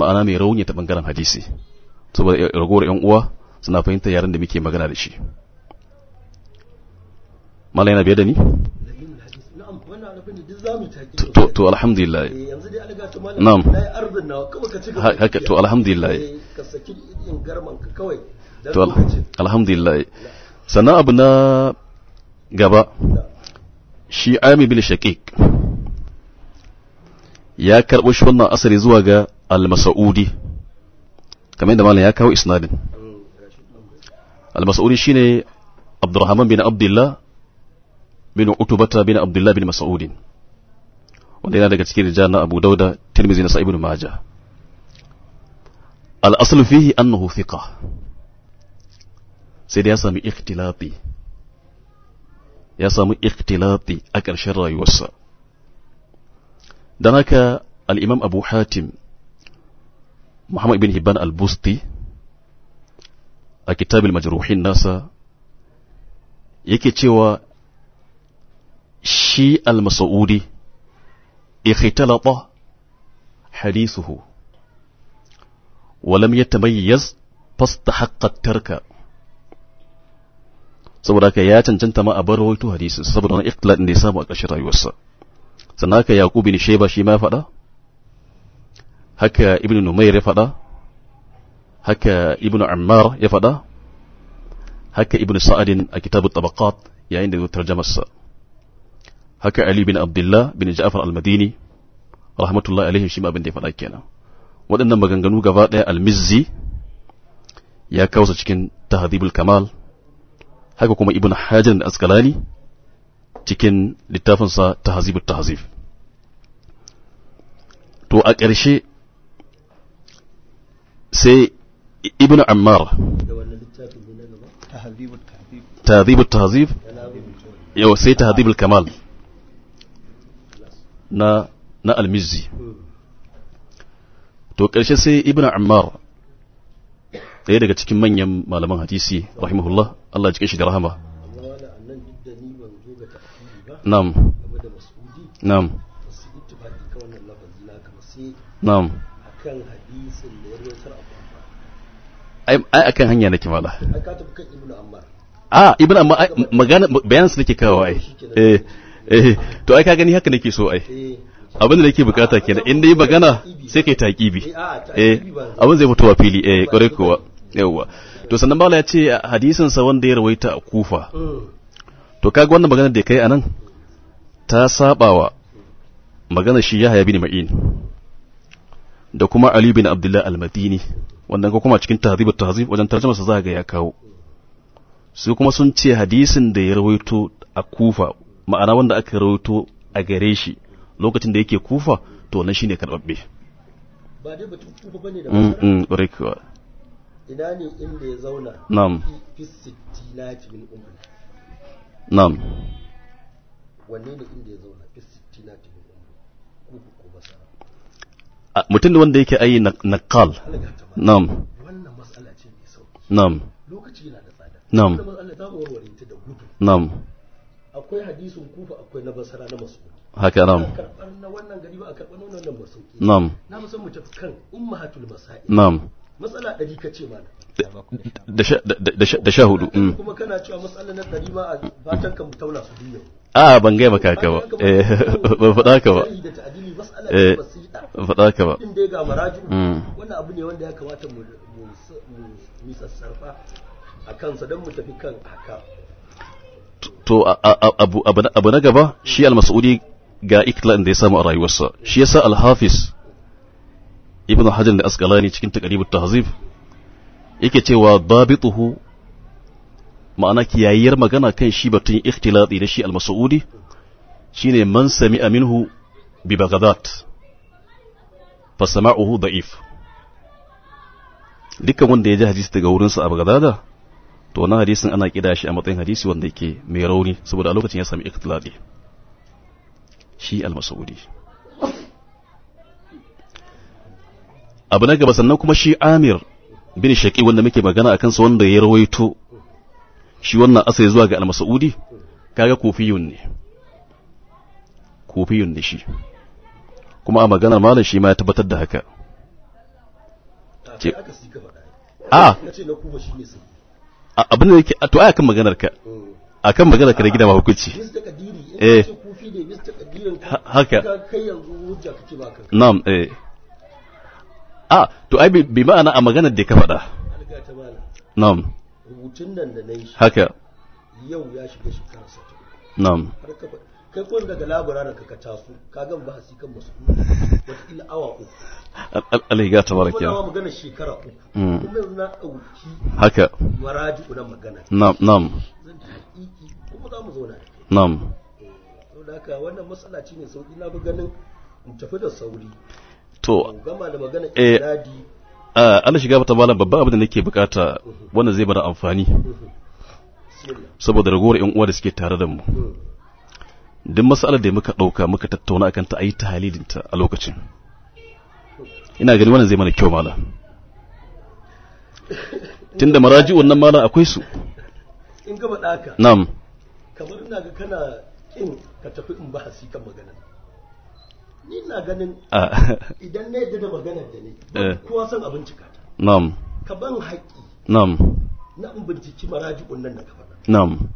ma'ana mai rauni ta bangaren hadisi saboda ragowar yan uwa suna fahimta yaren da muke magana da shi malai na biye da ni to to alhamdulillah eh, yanzu haka to alhamdulillah eh, ka saki garman na gaba shi ami bil shaqiq ya karbo shi wannan asari zuwa ga al-mas'udi kamar yadda malam ya kawo isnadin mm, al-mas'udi shine abdurrahman bin abdullah bin utubata bin abdullah bin mas'ud wanda yana daga cikin rijal na abu dauda tirmizi na sa'ibun majah al-aslu fihi annahu thiqa sai da ya sami ikhtilati ya samu ikhtilati a ƙarshen rayuwarsa don haka al'imam abu hatim muhammad ibn hibban al-busti a kitabin majruhin nasa yake cewa شي المسعودي اختلط حديثه ولم يتميز فاستحق الترك saboda ka ya cancanta ma a bar rawaito hadisin saboda wani ikhtilat da ya samu a ƙarshen rayuwarsa sannan haka yaqub bin shayba shi ma ya faɗa haka ibnu numayr ya faɗa haka ibnu ammar ya faɗa haka ibnu sa'adin a kitabut tabaqat yayin da ya tarjama sa haka ali bin abdullah bin ja'far al-madini rahmatullahi alaihi shi ma abin da ya faɗa kenan waɗannan maganganu gaba ɗaya al-mizzi ya kawo cikin tahdhibul kamal haka kuma ibn hajar al-asqalani cikin littafinsa tahzibut tahzib to a ƙarshe sai ibn ammar tahzibut tahzib yau sai tahzibul kamal na na almizzi to ƙarshe sai ibn ammar ɗaya daga cikin manyan malaman hadisi rahimahullah Allah shi da rahama ai akan hanya nake ka ibn ammar a ah, ibn ammar kawo ai eh eh to ai ka gani haka nake so ai abin da nake bukata kenan in dai magana sai kai taqibi eh abin zai fito fili eh kore kuwa yawa to sannan Bala ya ce hadisin sa wanda ya rawaita a kufa to kaga wannan magana da kai anan ta sabawa magana shi Yahya bin Ma'in da kuma Ali bin Abdullah al-Madini wannan ko kuma cikin tahdhib tahzib wajen tarjuma sa zaga ya kawo su kuma sun ce hadisin da ya rawaito a kufa ma'ana wanda aka rawaito a gare shi lokacin da yake kufa to nan shine karbabbe ba dai batun kufa bane da mm, mm kuwa ina ne inda ya zauna na'am fi sittinati min umri na'am wanne ne inda ya zauna fi sittinati min umri kufa ko ba sa mutum da wanda yake ayi naqal na'am wannan matsala ce mai sauki na'am lokaci yana da tsada na'am wannan na'am akwai hadisin kufa akwai na basara na masu haka nam na wannan gari ba a karɓar na wannan masu nam na musan mu tafi kan hatul masa'i nam matsala ɗari ka ce mana da sha hudu mm. kuma kana cewa matsala na ɗari ma a batan kan tauna su duniya a ban gaya maka ka ba eh, [laughs] ban faɗa haka ba eh, ban faɗa haka ba inda ga maraju mm. wannan abu ne wanda ya kamata mu sassarfa a kansa don mu tafi kan haka to abu na gaba shi al-mas'udi ga iklan da ya samu a rayuwarsa shi yasa al-hafiz ibn hajar da asqalani cikin taqribut tahzib yake cewa dabituhu ma'ana kiyayyar magana kan shi batun ikhtilati da shi al-mas'udi shine man sami'a minhu bi baghadat fa sama'uhu da'if dukkan wanda ya ji hadisi daga wurinsa a baghdada to wannan hadisin ana kida shi a matsayin hadisi wanda yake mai rauni saboda a lokacin ya sami ikhtilati shi al-mas'udi abu na gaba sannan kuma shi amir bin shaqi wanda muke magana akan sa wanda ya rawaito shi wannan asali zuwa ga al-mas'udi kaga kufiyun ne kufiyun ne shi kuma a maganar malam shi ma ya tabbatar da haka a abin da yake to ai akan maganar ka akan maganar ka da gida ma hukunci eh haka na'am eh a to ai bi ma'ana a maganar da ka faɗa na'am nan da haka yau ya shiga shi kansa na'am har ka faɗi kai ko daga labura da kaka taso ka gan ba su kan masu wata ila awa uku Allah ya tabara kiya kuma magana shekara uku mm. kuma yanzu na dauki haka maraji na magana na'am na'am kuma za mu zauna na'am eh, to ka wannan matsala ce ne sauki na bi ganin in tafi da sauri to gama da magana eh, iradi Allah shiga ta malam babban abin da nake bukata mm-hmm. wanda zai bada amfani mm-hmm. saboda ragowar yan uwa da suke tare da mu mm. duk matsalar da muka ɗauka muka tattauna akan ta a yi tahalilinta a lokacin ina gani wannan zai mana kyau mala tun da maraji wannan mala akwai su in gaba ɗaka na'am kamar ina ga kana kin ka tafi in ba hasi kan magana ni ah. [laughs] na ganin idan ne da da maganar da ne eh. kowa san abin cika ta na'am ka ban haƙƙi na'am na in binciki maraji wannan na gaba na'am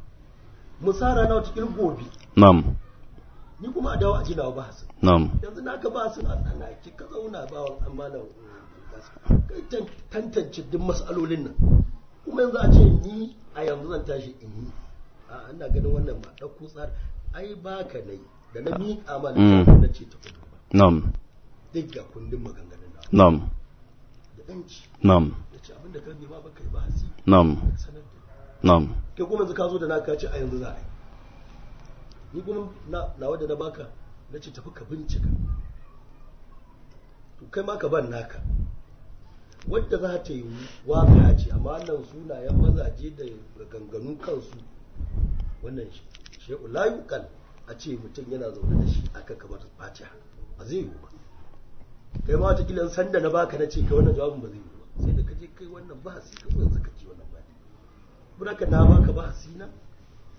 musara na wata ilgobi Nam. ni kuma a dawo a ji nawa bahasin na'am yanzu su na a ki ka zauna ba wa amana kai tan tantance duk mas'alolin nan kuma yanzu a ce ni a yanzu zan tashi in yi a ina ganin wannan ba ɗauko tsar ai ba ka na yi da na miƙa amana mm. na ce ta kudu ba na'am duk ga kundin maganganun na Nam. da ɗanci Nam. da ce abinda ka nema ba kai ba hasi na'am na'am kai kuma yanzu ka zo da na ka ce a yanzu za a yi ni kuma nawa da na baka na ce tafi ka bincika to kai ma ka ban naka wadda za ta yi waka ce amma suna sunayen mazaje da ganganu kansu wannan shehu layukan a ce mutum yana zaune da shi aka kamar fatiha a zai yiwu ba kai ma ta kilan sanda na baka na ce kai wannan jawabin ba zai yiwu ba sai da kaje kai wannan ba hasi yanzu ka ci wannan ba ka na baka ba hasi na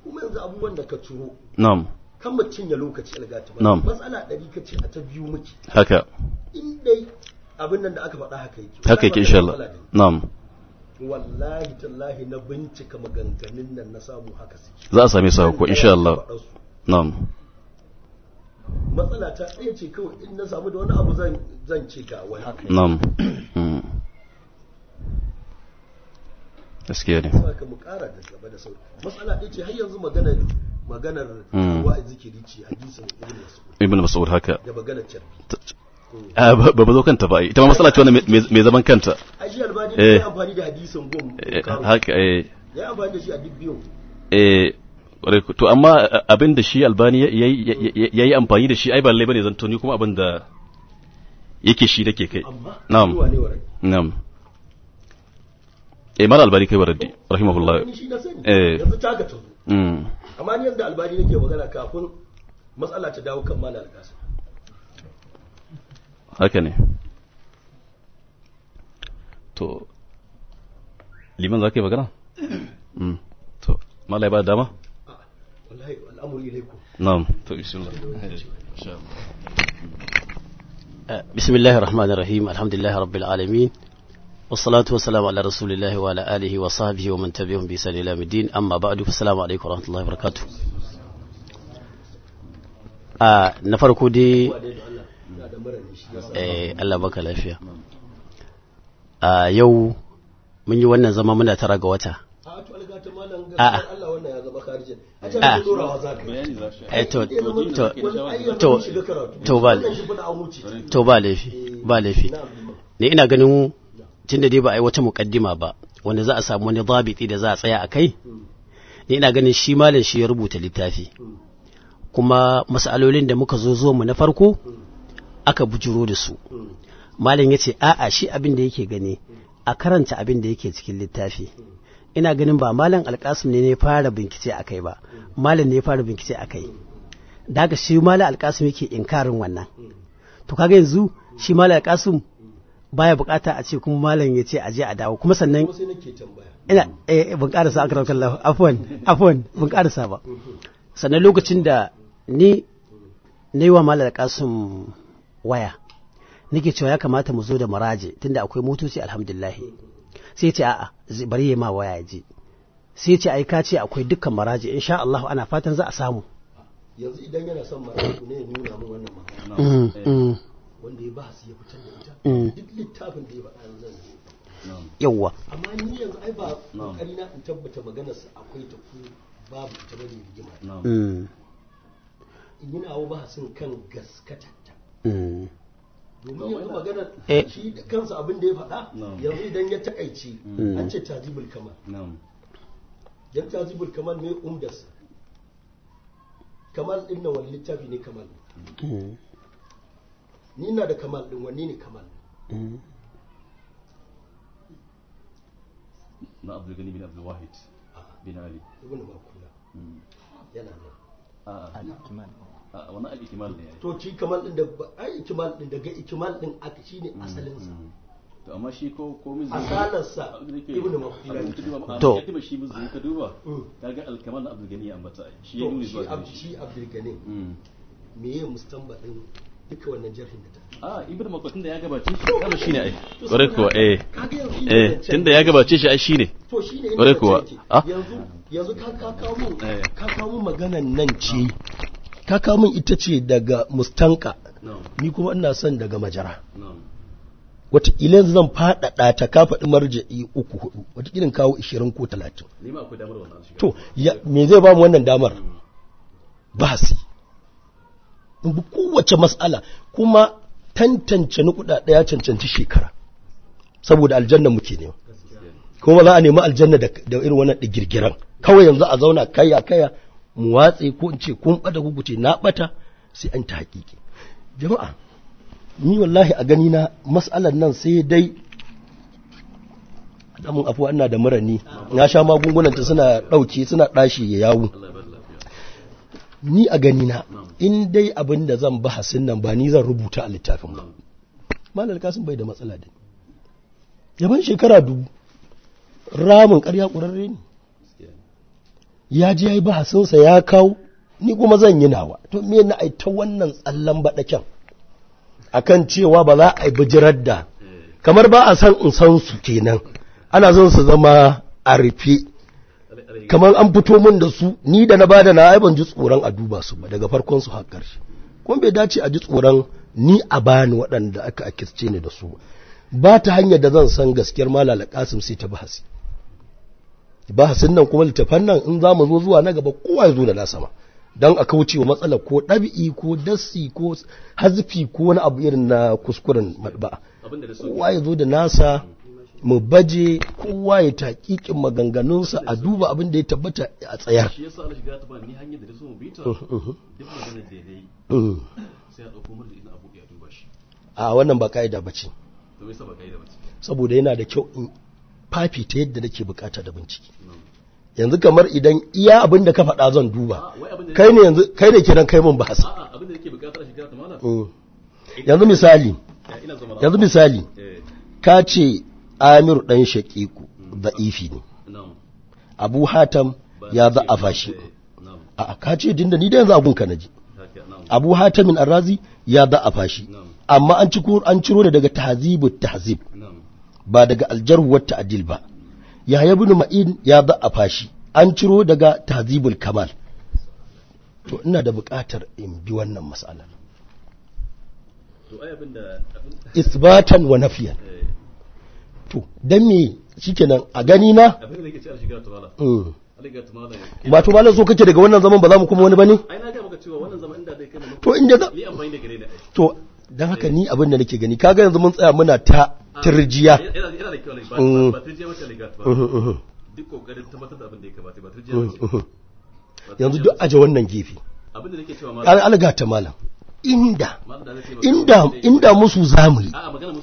kuma yanzu abubuwan da ka ciro na'am kan mu ya lokaci algata ba matsala ɗari ka ce a ta biyu miki haka in dai abin nan da aka faɗa haka yake haka yake insha Allah na'am wallahi tallahi na bincika maganganun nan na samu haka suke za a same su ko insha Allah na'am matsala ta ɗaya ce kawai in na samu da wani abu zan ce ga wani na'am [clears throat] gaskiya ba ba kanta ba ita ma matsala ce wannan mai zaman kanta albani eh. ya amfani da hadisin eh, haka eh. amfani da shi a eh to amma da shi albani ya yi amfani da shi ai ba lallai bane kuma abin da yake shi nake kai na'am eh mara albani kai waradi rahimahullah eh yanzu ta ga tuzu amma ni yanda albani nake magana kafin matsala ta dawo kan malal kasa haka ne to liman za ka yi magana? to malai ba dama? wallahi al'amuri ilaikum na'am to bismillah بسم الله الرحمن الرحيم الحمد لله رب العالمين والصلاة والسلام على رسول الله وعلى آله وصحبه ومن تبعهم بإحسان إلى الدين أما بعد فالسلام عليكم ورحمة الله وبركاته آه نفرق دي eh الله بك lafiya a يو mun yi wannan zama muna tara ga wata a'a a to to to ba laifi ba laifi ne ina ganin tunda dai ba a yi wata mukaddima ba wanda za a samu wani zabiti da za a tsaya a kai ni ina ganin shi malam shi ya rubuta littafi kuma masalolin da muka zo zo mu na farko aka bujuro da su malam ya ce a'a shi abin da yake gani a karanta abin da yake cikin littafi ina ganin ba malam alkasim ne ne fara bincike a kai ba malam ne ya fara bincike a kai daga shi malam alkasim yake inkarin wannan to kaga yanzu shi malam alkasim baya bukata a ce kuma malam ya ce aje a dawo kuma sannan ina eh ban karasa Allah afwan afwan ban karasa ba sannan lokacin da ni na yi wa malar kasum waya nake cewa ya kamata mu zo da maraje tunda akwai motoci alhamdulillah sai ce a'a bari ya ma waya ji sai ce ai ka ce akwai dukkan maraje insha Allah ana fatan za a samu yanzu idan yana son maraje ne ya nuna mu wannan wanda ya ba su ya fitar da ita mm. duk littafin da ya faɗa yanzu zan yawwa amma ni yanzu ai ba kokari na in tabbata maganar sa akwai ta ku babu ta bane rigima mm. wa kan mm. domin yanzu maganar eh. shi da kansa abin da ya faɗa yanzu idan ya takaici an ce tajibul kamal dan tajibul kamal ne umdas kamal wani littafi ne kamal ni na da kamal din wani ne kamal mm. na abu gani bin abu wahid ah. bin ali ibn makula mm. yana nan a ah, ah. wannan al-ikimal ne to ci kamal din da ai ikimal din daga ikimal din aka shine mm, asalin sa to amma shi ko komin zai asalar sa ibn makula to kuma shi mun zai ka duba kaga al-kamal abdul gani ambata shi ya nuni zuwa shi abdul gani me ya mustanbadin duka ya gabace shi shi ai shine ah. ka kawo eh. nan ce ka kawo ita ce daga mustanka ni kuma ina son daga majara wataƙila yanzu zan faɗaɗa ta ka faɗi marja'i uku hudu wataƙilin kawo ishirin ko talatin to me zai ba mu wannan damar mm. ba su. in bi kowace mas'ala kuma tantance nukuda ɗaya cancanci shekara saboda aljanna muke ne kuma za a nemi aljanna da irin wannan digirgiran kawai yanzu a zauna kaya kaya mu watse ko in ce kun bada guguce na bata sai an ta hakiki jama'a ni wallahi a gani na mas'alan nan sai dai damun afuwa ina da murani na sha magungunan ta suna ɗauke, suna dashi ya yawo ni a ganina in dai abin da zan ba bahasin nan ba ni zan rubuta a littafin ba malar kasin bai da matsala da yaban shekara dubu ramin karya ƙurarre ne ya ji ya yi ba sa ya kawo ni kuma zan yi nawa to me na aita wannan tsallan baɗaken kan cewa ba za a yi bijirar da kamar ba a san in san su kenan ana zan su zama a rufe kamar an fito min da su ni da na bada na ban ji tsoron a duba su ba daga farkon su har ƙarshe kuma bai dace a ji tsoron ni a bani waɗanda aka akisce ni da su ba ta hanyar da zan san gaskiyar malala kasim sai ta bahasi bahasin nan kuma littafan nan in za mu zo zuwa na gaba kowa ya zo da nasa ma don a kauce wa matsalar ko ɗabi'i ko dasi ko hazifi ko wani abu irin na kuskuren malba kowa ya zo da nasa mu baje kowa ya taƙiƙin maganganunsa a duba abin da ya tabbata a tsayar ba da a wannan ba kaida ba ce. saboda yana da kyau in fafi ta yadda nake bukata da bincike mm. yanzu kamar idan iya abin da ka faɗa zan duba ah, kai ne yanzu kai ne kiran kai mun ba a'a mm. yanzu misali yanzu misali eh. ka ce amir ɗan shaƙiƙu za'ifi ne abu hatam eh, ya za'afa shi a ka ce dinda ni da yanzu abun na ji abu hatamin arrazi ya za'afa shi amma an an ciro ne daga tahzibu tahzib ba daga aljarhu wa ta'dil ba yahya ibn ma'in ya za'afa shi an ciro daga tahzibul kamal to ina da buƙatar in bi wannan mas'alar isbatan wa nafiyan eh. to dan me shikenan a gani na mm. ba to malam so kake daga wannan zaman ba za mu kuma wani bane na ga to to dan haka ni eh. abin da nake gani kaga yanzu mun tsaya muna ta tirjiya mm-hmm, mm-hmm. yanzu duk aje wannan gefe abin da nake cewa malam an alga ta malam inda inda inda musu zamu yi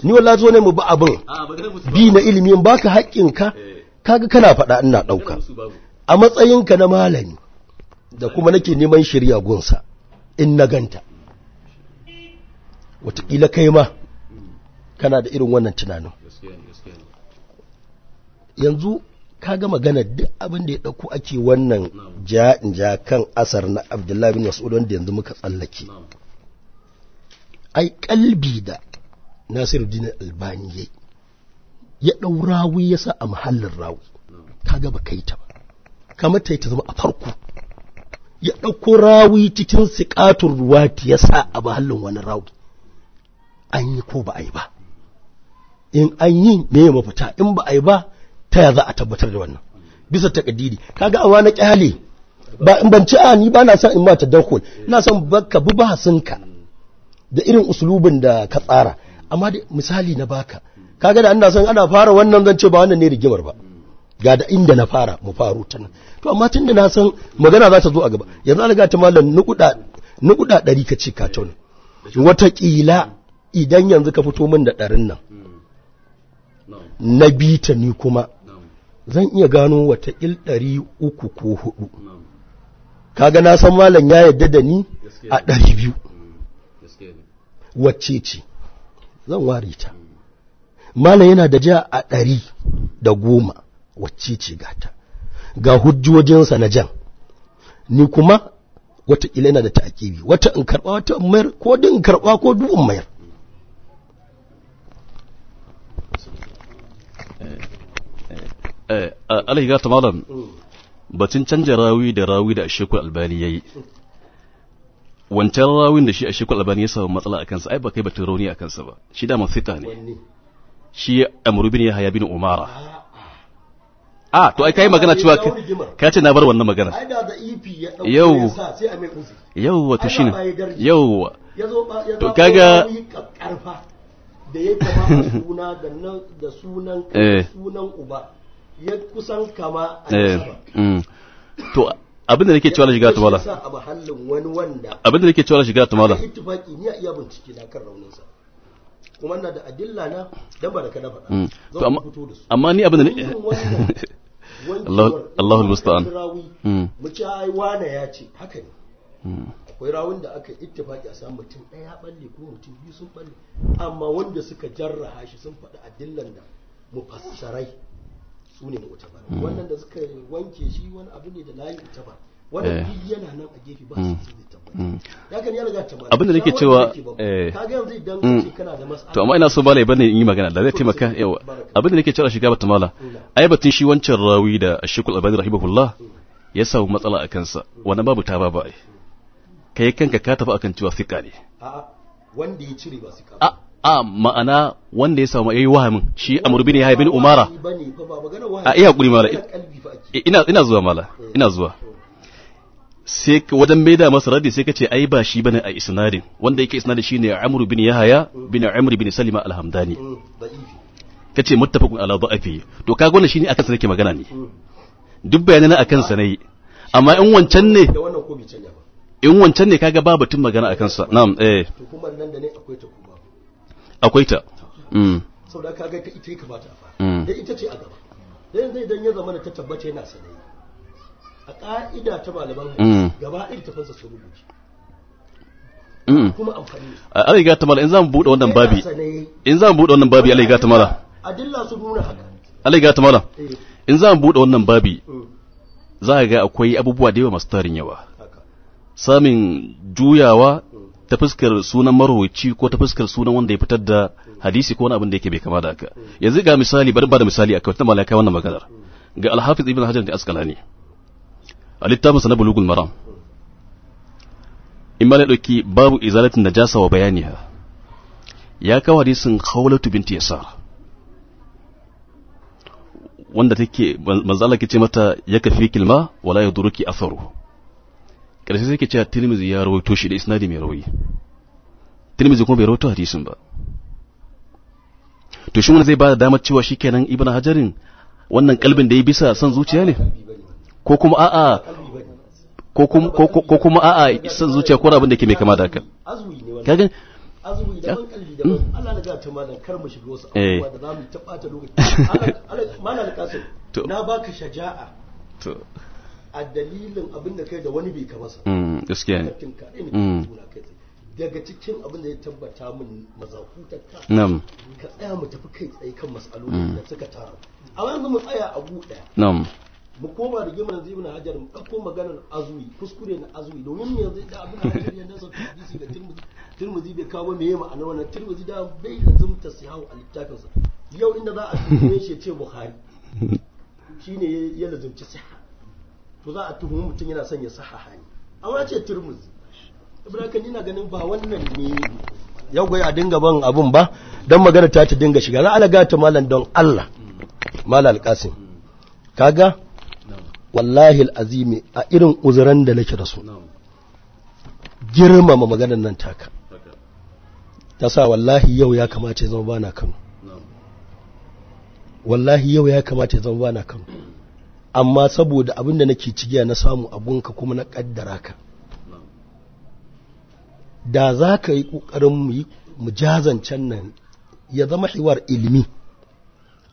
ni wallahi zo ne mu bi abin bi na ilimin baka haƙƙin ka eh. kaga kana faɗa ina ɗauka a matsayinka na malami da kuma nake neman shirya gunsa in na ganta watakila kai ma kana da irin wannan tunanin yanzu ka ga magana duk abin da ya ɗauko ake wannan ja'in ja kan asar na abdullahi bin wasu'ud wanda yanzu muka tsallake ai kalbi da Nasiruddin Albani yayi ya ɗau rawi ya sa a mahallin rawi ta gaba kai ta ba, kamar ta yi ta zama a farko ya ɗauko rawi cikin sikatun ruwa ya sa a mahallin wani rawi an yi ko ba a yi ba in an yi me ya mafita in ba a yi ba ta ya za a tabbatar da wannan bisa takadiri kaga awa na kyale ba in ban ci a ah, ni ba na son in ma ta dakon na son baka bi ka da irin uslubin da ka tsara amma misali na baka kaga da ina son ana fara wannan zance ce ba wannan ne rigimar ba ga da inda na fara mu faru ta nan to amma tun da na san magana za ta zo a gaba yanzu an ta malam nukuda dari ka ce ka tauna wataƙila idan yanzu ka fito min da ɗarin nan na bi ni kuma zan iya gano watakil ɗari uku ko hudu kaga na san malam ya yadda da ni a ɗari biyu wacce ce zan ware ta malam yana da ja a ɗari da goma wacce ce gata ga hujjojinsa na jan ni kuma watakila yana da ta'akibi wata in karɓa wata in mayar ko din in karɓa ko duk in mayar eh, eh, eh, alaihi gata malam batun canja rawi da rawi da ashekul albani yi. wancan rawin da shi a shekul albani ya samu matsala a kansa ai ba kai batun rauni a kansa ba shi da mafita ne shi amurbin bin yahya bin umara a ah, to ai kai magana cewa ka ce na bar wannan magana yau yau wato ne yau to kaga da ya kama [laughs] suna da sunan eh. sunan uba ya kusan kama a eh. mm. to abin da nake cewa na shiga tumala abin da nake cewa na shiga tumala ittifaki ni a iya bincike na kan raunin sa kuma ina da adilla na dan ba da mm. to amma amma ni abin [laughs] da ne Allahu musta'an mu ci ai wane ya ce haka ne mm. akwai rawun da aka ittifaki a samu mutum daya balle ko mutum biyu sun balle amma wanda suka jarraha shi sun faɗi adillan da mufassarai su ne mu'tabar wannan da suka wanke shi wani abu ne da layi mu'tabar wannan eh. duk yana nan a gefe ba su hmm. zai tabbata ya hmm. kan ya riga tabbata abinda da nake cewa eh. ka ga yanzu idan kace hmm. kana da mas'ala to amma ina so malai bane in yi magana da zai taimaka yawa abinda da nake cewa shiga bata mala ai batun shi wancan rawi da Sheikhul Albani rahimahullah ya samu matsala a kansa wannan babu ta ba ba kai kanka ka tafi akan cewa fiqa ne a'a wanda ya cire ba su kama. a ma'ana wanda ya samu yayi wahamin shi Amr bin Yahya bin Umara a iya hakuri mala ina ina zuwa mala hmm. ina zuwa sai wajen da masa radi sai kace ai ba shi bane a isnadin wanda yake isnadin shine Amr bin Yahya bin Amr bin Salima al-Hamdani hmm, kace muttafaqun ala da'afi to kaga wannan shine akan sa nake magana ne hmm. duk bayanan akan sa nayi amma in wancan ne in wancan ne kaga babatun batun magana akan sa na'am eh to kuma nan da ne akwai akwai ta mm. sau da kaga ta ita kamata a fara mm. eh, ita ce a gaba da yanzu idan ya zama da ta tabbata yana sanayi a ka'ida ta malaman haifi, mm. gaba ta fansa su rubuce kuma amfani a riga ta mala in zan buɗe wannan babi in zan buɗe wannan babi a riga ta mala adilla su nuna haka a ta mala eh. in zan buɗe wannan babi za ga akwai abubuwa da yawa masu tarin yawa samin juyawa ta fuskar sunan marwaci ko ta fuskar sunan wanda ya fitar da hadisi ko wani abin da yake bai kama da haka yanzu ga misali bari ba da misali akai ta malaka wannan maganar ga alhafiz ibn hajar da Askalani. a littafin na bulugul maram in ma dauki babu izalatin najasa wa bayaniya. ya kawo hadisin khawlatu binti yasar wanda take manzala kace ce mata yakafi kilma wala yaduruki atharu ƙarshe sai ke cewa tirmizi ya rawaito shi da isnadi mai rawayi tirmizi kuma bai rawaito hadisin ba to shi wani zai ba da damar cewa shi kenan ibn hajarin wannan kalbin da ya bisa son zuciya ne ko kuma a'a ko kuma a'a son zuciya ko abin da ke mai kama da haka kaga azumi da hmm. Allah na malam kar mu shiga wasu eh. abubuwa da ta lokaci malam kasim [laughs] na shaja'a a dalilin abin da kai da wani bai kama sa mm, gaskiya ne mm. daga cikin abin da ya tabbata min mazakutar ka ka tsaya mu tafi kai tsaye kan mas'alolin mm. da suka taru. a yanzu mu tsaya a buɗe mu koma da gimar zai muna hajar mu ɗauko maganar azumi kuskure na azumi domin me yanzu da abin da hajar ya nasa hadisi da turmuzi bai kawo me yema anan wannan turmuzi da bai da zumta sihawu a littafinsa yau inda za a tume shi ce bukhari [laughs] shine ya lazumci siya. to za a tuhumi mutum yana son ya sahaha ne amma ce turmuzi ibn haka na ganin ba wannan ne yau gwai a dinga ban abun ba don magana ta ta dinga shiga za a laga ta malam don Allah malam alƙasim kaga wallahi al'azimi a irin uzuran da nake da su girmama maganar nan taka ta sa wallahi yau ya kamata ya zama bana kano wallahi yau ya kamata ya zama bana kano amma saboda abin da nake cigiya na samu abunka kuma na kaddara ka da za ka yi ƙoƙarin mu jazancen nan ya zama hiwar ilimi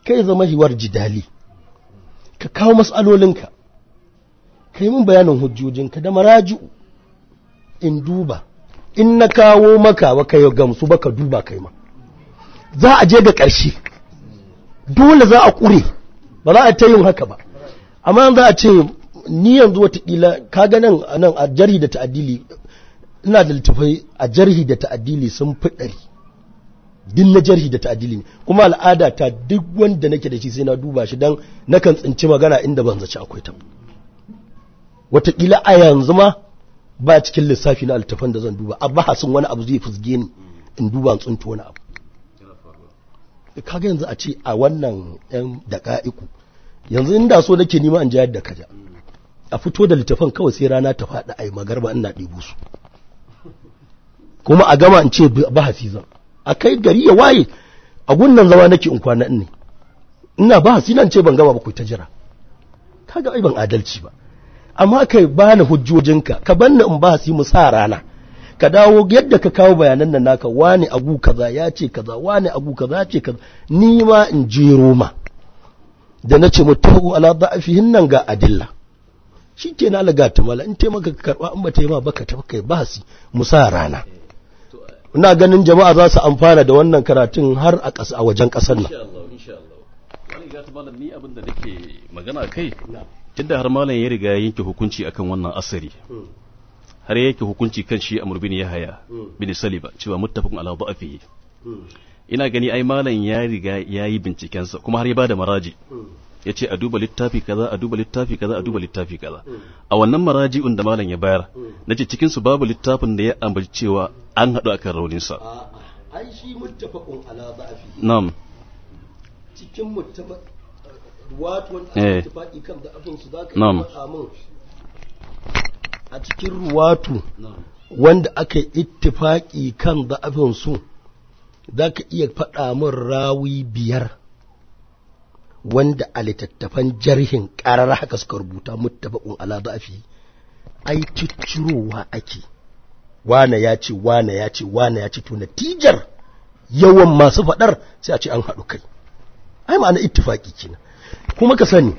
kai zama hiwar jidali ka kawo matsalolinka ka yi min bayanin hujjojinka da maraji'u in duba in na kawo maka wa kai gamsu baka duba kai ma za a je ga ƙarshe dole za a ƙure ba za a ta yin haka ba amma za a ce ni yanzu watakila kaga nan nan a jarhi da ta'adili ina da littafai a jarhi da ta'adili sun fi ɗari din na jarhi da ta'adili ne kuma al'ada ta duk wanda nake da shi sai na duba shi dan nakan tsinci magana inda ban zaci akwai ta watakila a yanzu ma ba cikin lissafi na littafan da zan duba a bahasin wani abu zai fusge ni in duba tsinto wani abu kaga yanzu a ce a wannan yan daƙa'iku yanzu inda so nake nima an jayar da kaja a fito da littafan kawai sai rana ta faɗi a yi magarba ina ɗebo su kuma a gama in ce bahasi zan a kai gari ya waye a gunnan zama nake in kwana ne ina ba bahasi nan ce ban gama ba ku ta jira kaga ai ban adalci ba amma kai bani hujjojinka ka ni in bahasi mu sa rana ka dawo yadda ka kawo bayanan nan naka wani abu kaza ya ce kaza wani abu kaza ya ce kaza ni ma in je Roma da na ce mutahu ala da'afihin nan ga adilla shi ke na laga ta in taimaka ka karɓa in ba taima ba ka tafi kai bahasi musa rana ina ganin jama'a za su amfana da wannan karatun har a ƙasa a wajen ƙasar nan ni abin da nake magana kai tunda har malam ya riga yanke hukunci akan wannan asari har yake hukunci kan shi amr ya yahaya bin saliba cewa muttafaqun ala da'afihi hmm. ina gani ai malam ya riga ya yi bincikensa kuma har ya bada maraji hmm. ya ce a duba littafi kaza a duba littafi kaza a duba littafi kaza hmm. a wannan maraji'un da malam ya bayar hmm. na ce cikin su babu littafin da ya ambaci cewa an haɗu akan raunin sa ai shi muttafaqun ala da'fi na'am cikin muttafaq ruwatun eh. ittifaqi kan da abin su zaka yi amin a cikin ruwatu wanda aka ittifaki kan da abin su za ka iya faɗa min rawi biyar wanda a littattafan jarhin ƙarar haka suka rubuta muttafaqun ala da'afi ai ciccirowa ake wane ya ce wane ya ce wane ya ce to natijar yawan masu faɗar sai a ce an haɗu kai ai ma'ana ittifaƙi kenan kuma ka sani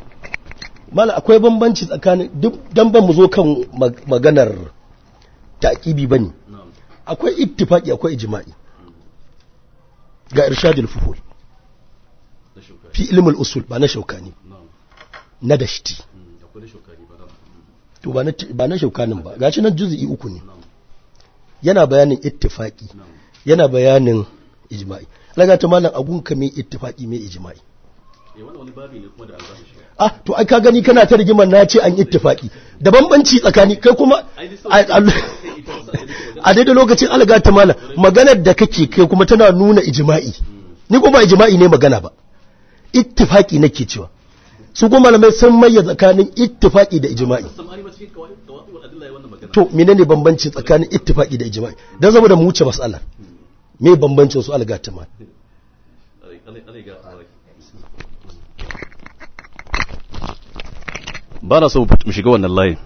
mala akwai bambanci tsakanin dan ban mu zo kan maganar taqibi bane akwai ittifaqi akwai ijma'i ga irshadul fuhul fi ilmul usul ba na shaukani na dashti hmm, to ba na shaukanin ba gashi nan juz'i uku ne yana bayanin ittifaki yana bayanin ijma'i Lagata ta malam agun ka mai ittifaki mai ijma'i eh, ah to ai ka gani kana ta rigimar na ce an ittifaki da bambanci tsakani kai kuma [laughs] a daidai lokacin alga ta mala maganar da kake kai kuma tana nuna ijima'i ni kuma ijima'i ne magana ba ittifaki nake cewa su kuma malamai sun mayya tsakanin ittifaki da ijima'i to menene bambanci tsakanin ittifaki da ijima'i dan saboda mu wuce mas'ala me bambancin su alga ta mala ba na so mu shiga wannan layin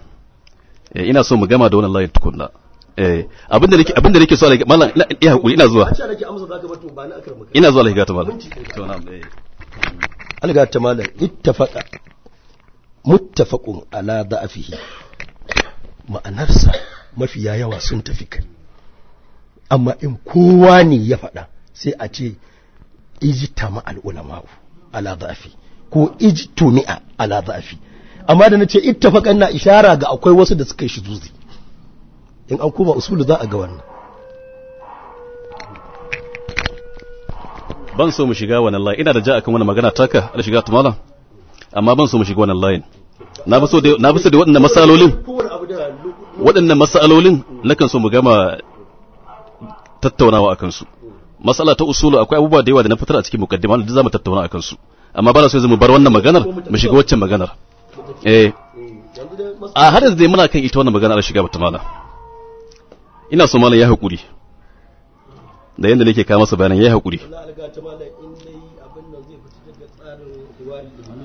eh, ina so mu gama da wannan layin tukunna eh abinda nake abinda nake so mallam ya ina zuwa ina zuwa lafiya ta mallam to na'am eh alga ta mallam ittafaqa muttafaqun ala da'afihi ma'anarsa mafi yawa sun tafi kai amma in kowa ne ya faɗa sai a ce ijtama al-ulama ala da'afi ko ijtumi'a ala da'afi amma da nace ittafaqan na ishara ga akwai wasu da suka yi shi zuzi in an koma usulu za a ga wannan ban so mu shiga wannan layin ina da ja akan wannan magana taka al shiga tumala amma ban so mu shiga wannan layin na bi so da na bi so da waɗannan masalolin waɗannan masalolin nakan so mu gama tattaunawa akan su masala ta usulu akwai abubuwa da yawa da na fitar a cikin mukaddima da zamu tattauna akan su amma ba na so mu bar wannan maganar mu shiga waccan maganar eh a har yanzu dai muna kan ita wannan maganar shiga batumala ina so malam ya haƙuri da yadda nake kawo masa bayanan ya haƙuri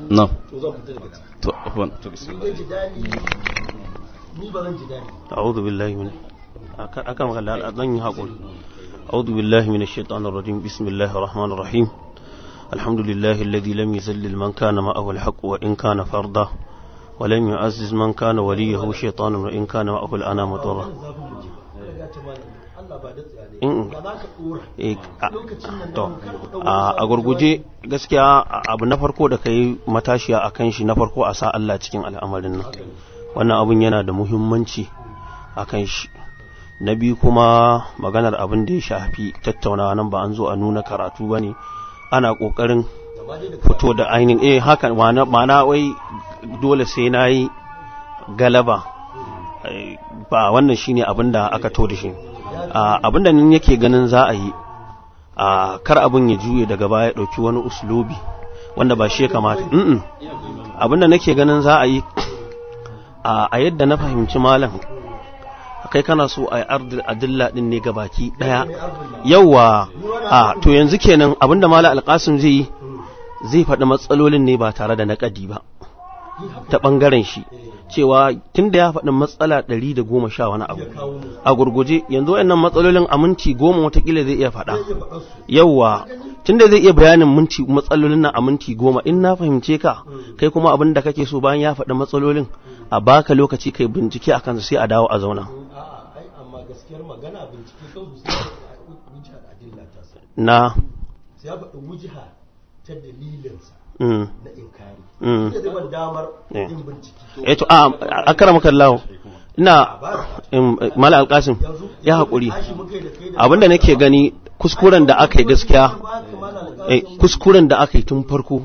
na to afwan to bismillah ni ba zan ji dani a'udhu billahi min akan magana zan yi haƙuri a'udhu billahi minash shaitanir rajim bismillahir rahmanir rahim الحمد لله الذي لم يذلل من كان معه الحق وإن كان فرضا ولم يعزز من كان وليه شيطان وإن كان معه الأنام ضرا Eh, a gurguje gaskiya abu na farko da ka yi matashiya a kan shi na farko a sa Allah cikin al'amarin nan wannan abin yana da muhimmanci a kan shi na biyu kuma maganar abin da ya shafi tattaunawa nan ba an zo a nuna karatu ba ne ana ƙoƙarin fito da ainihin eh haka na wai dole sai na yi galaba ba wannan shine abin da aka to da shi abin da nan yake ganin za a yi kar abin ya juye daga baya ɗauki wani uslubi wanda ba shi ya kamata abin da nake ganin za a yi a yadda na fahimci malam kai kana so a yi adilla din ne ga baki daya yauwa a to yanzu kenan abinda mala alkasim zai yi zai faɗi matsalolin ne ba tare da naƙadi ba ta ɓangaren shi cewa tun da ya faɗin matsala ɗari da goma sha wani abu a gurguje yanzu wayannan matsalolin a minti goma watakila zai iya faɗa yauwa tun da zai iya bayanin minti matsalolin na a minti goma in na fahimce ka kai kuma abin da kake so bayan ya faɗi matsalolin a baka lokaci kai bincike a kansa sai a dawo a zauna na ta dalilinsa mm. na inkari ita mm. zai ban damar yin bincike eh, to ah, a akara maka lawo ina mala alkasim ya haƙuri abinda nake gani kuskuren da aka yi gaskiya eh, kuskuren da aka yi tun farko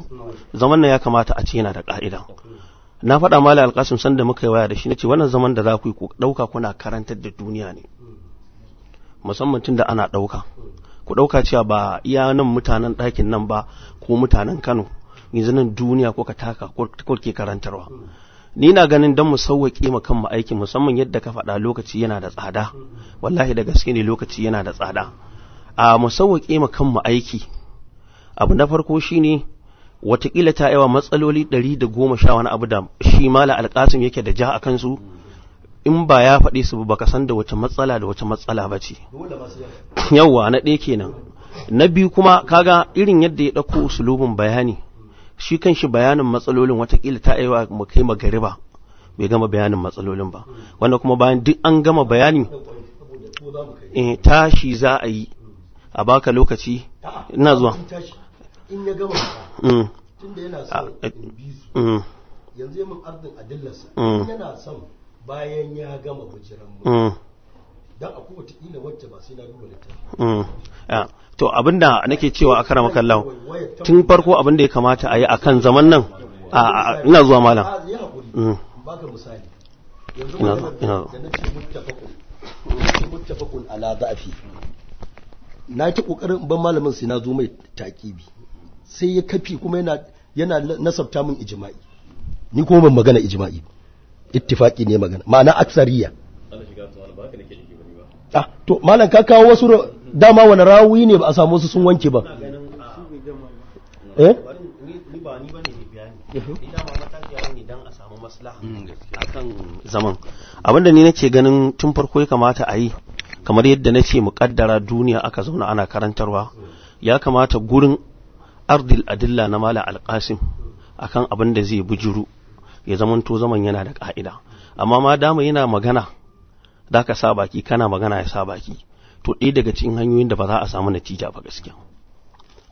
zaman nan ya kamata a ce yana da ƙa'ida na faɗa mala alkasim sanda muka yi waya da shi na ce wannan zaman da za ku yi ɗauka kuna karantar da duniya ne mm. musamman tun da ana ɗauka ku ɗauka cewa ba iya nan mutanen ɗakin nan ba ko mutanen kano yanzu nan duniya ko ka taka ko ke karantarwa ni na ganin don mu sauwaƙe ma kanmu aiki musamman yadda ka faɗa lokaci yana da tsada wallahi da gaske ne lokaci yana da tsada a mu sauwaƙe ma kanmu aiki abu na farko shine watakila ta yawa matsaloli ɗari da goma sha wani abu da shi mala alƙasim yake da ja a kansu in ba ya faɗi su ba ka san da wace matsala da wace matsala ba ce [coughs] yauwa na ɗaya kenan na biyu kuma kaga irin yadda ya ɗauko usulubin bayani shi kan shi bayanin matsalolin watakila ta yi wa kai ba bai gama bayanin matsalolin ba wanda kuma bayan duk an gama bayani eh tashi za a yi a baka lokaci ina zuwa mm. ah, mm. yanzu yamin ardin adillarsa mm. yana son bayan ya gama bujiran mu mm. dan a kowace ina wacce ba sai na duba littafi mm. to abinda nake cewa a karama kallahu tun farko abinda ya kamata a yi a kan zaman nan ina zuwa malam ah, mm. baka misali yanzu da na ce ala da'fi na ki kokarin ban malamin sai na zo mai takibi sai ya kafi kuma yana yana nasabta min ijma'i ni kuma ban magana ijma'i ba ittifaki ne magana ma'ana aksariya ah to malam ka kawo wasu dama wani rawi ne ba a samu wasu sun wanke ba zaman abinda ni nake ganin tun farko ya kamata a yi kamar yadda na ce muƙaddara duniya aka zauna ana karantarwa ya kamata gurin ardil adilla na mala alƙasim akan abin da zai bujuru ya zamanto zaman yana da ka'ida amma ma dama yana magana da ka sa baki kana magana ya sa baki to ɗaya daga cikin hanyoyin da ba za a samu natija ba gaskiya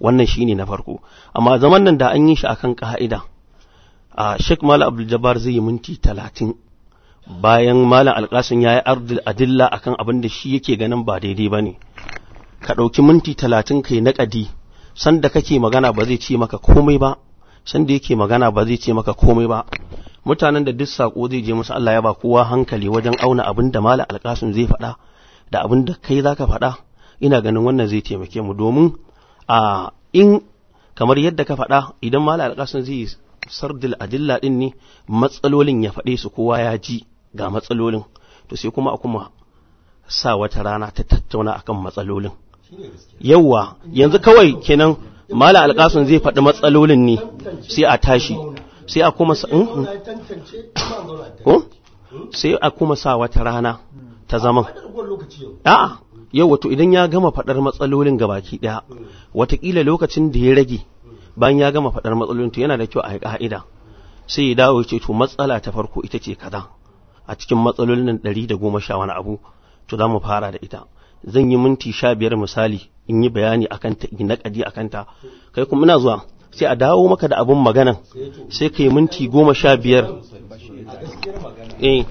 wannan shine na farko amma zaman nan da an yi shi akan ka'ida a Sheikh Malam Abdul Jabbar zai yi minti talatin bayan Malam Alkasin ya yi ardil adilla akan abin da shi yake ganin ba daidai ba ne ka ɗauki minti talatin kai naƙadi sanda kake magana ba zai ce maka komai ba sanda yake magana ba zai ce maka komai ba mutanen da duk sako zai je musu Allah ya ba kowa hankali wajen auna abin da malam alkasun zai faɗa da abin da kai zaka faɗa ina ganin wannan zai taimake mu domin a in kamar yadda ka faɗa idan malam alkasun zai sardil adilla din ne matsalolin ya faɗe su kowa ya ji ga matsalolin to sai kuma a kuma sa wata rana ta tattauna akan matsalolin yauwa yanzu kawai kenan mala alƙasun zai faɗi matsalolin ne sai a tashi sai a kuma hmm, hmm. sai a kuma sa wata rana ta zama a'a yau wato idan ya gama faɗar matsalolin ga gabaki ɗaya watakila lokacin da ya rage bayan ya gama faɗar matsalolin to yana da kyau a ka'ida sai ya dawo ce to matsala ta farko ita ce kaza a cikin matsalolin ɗari da goma sha wani abu to za mu fara da ita zan yi minti sha biyar misali in yi bayani a kanta, in naƙadi a kanta, kai kuma ina zuwa sai a dawo maka da abin magana sai ka yi minti goma sha biyar eh.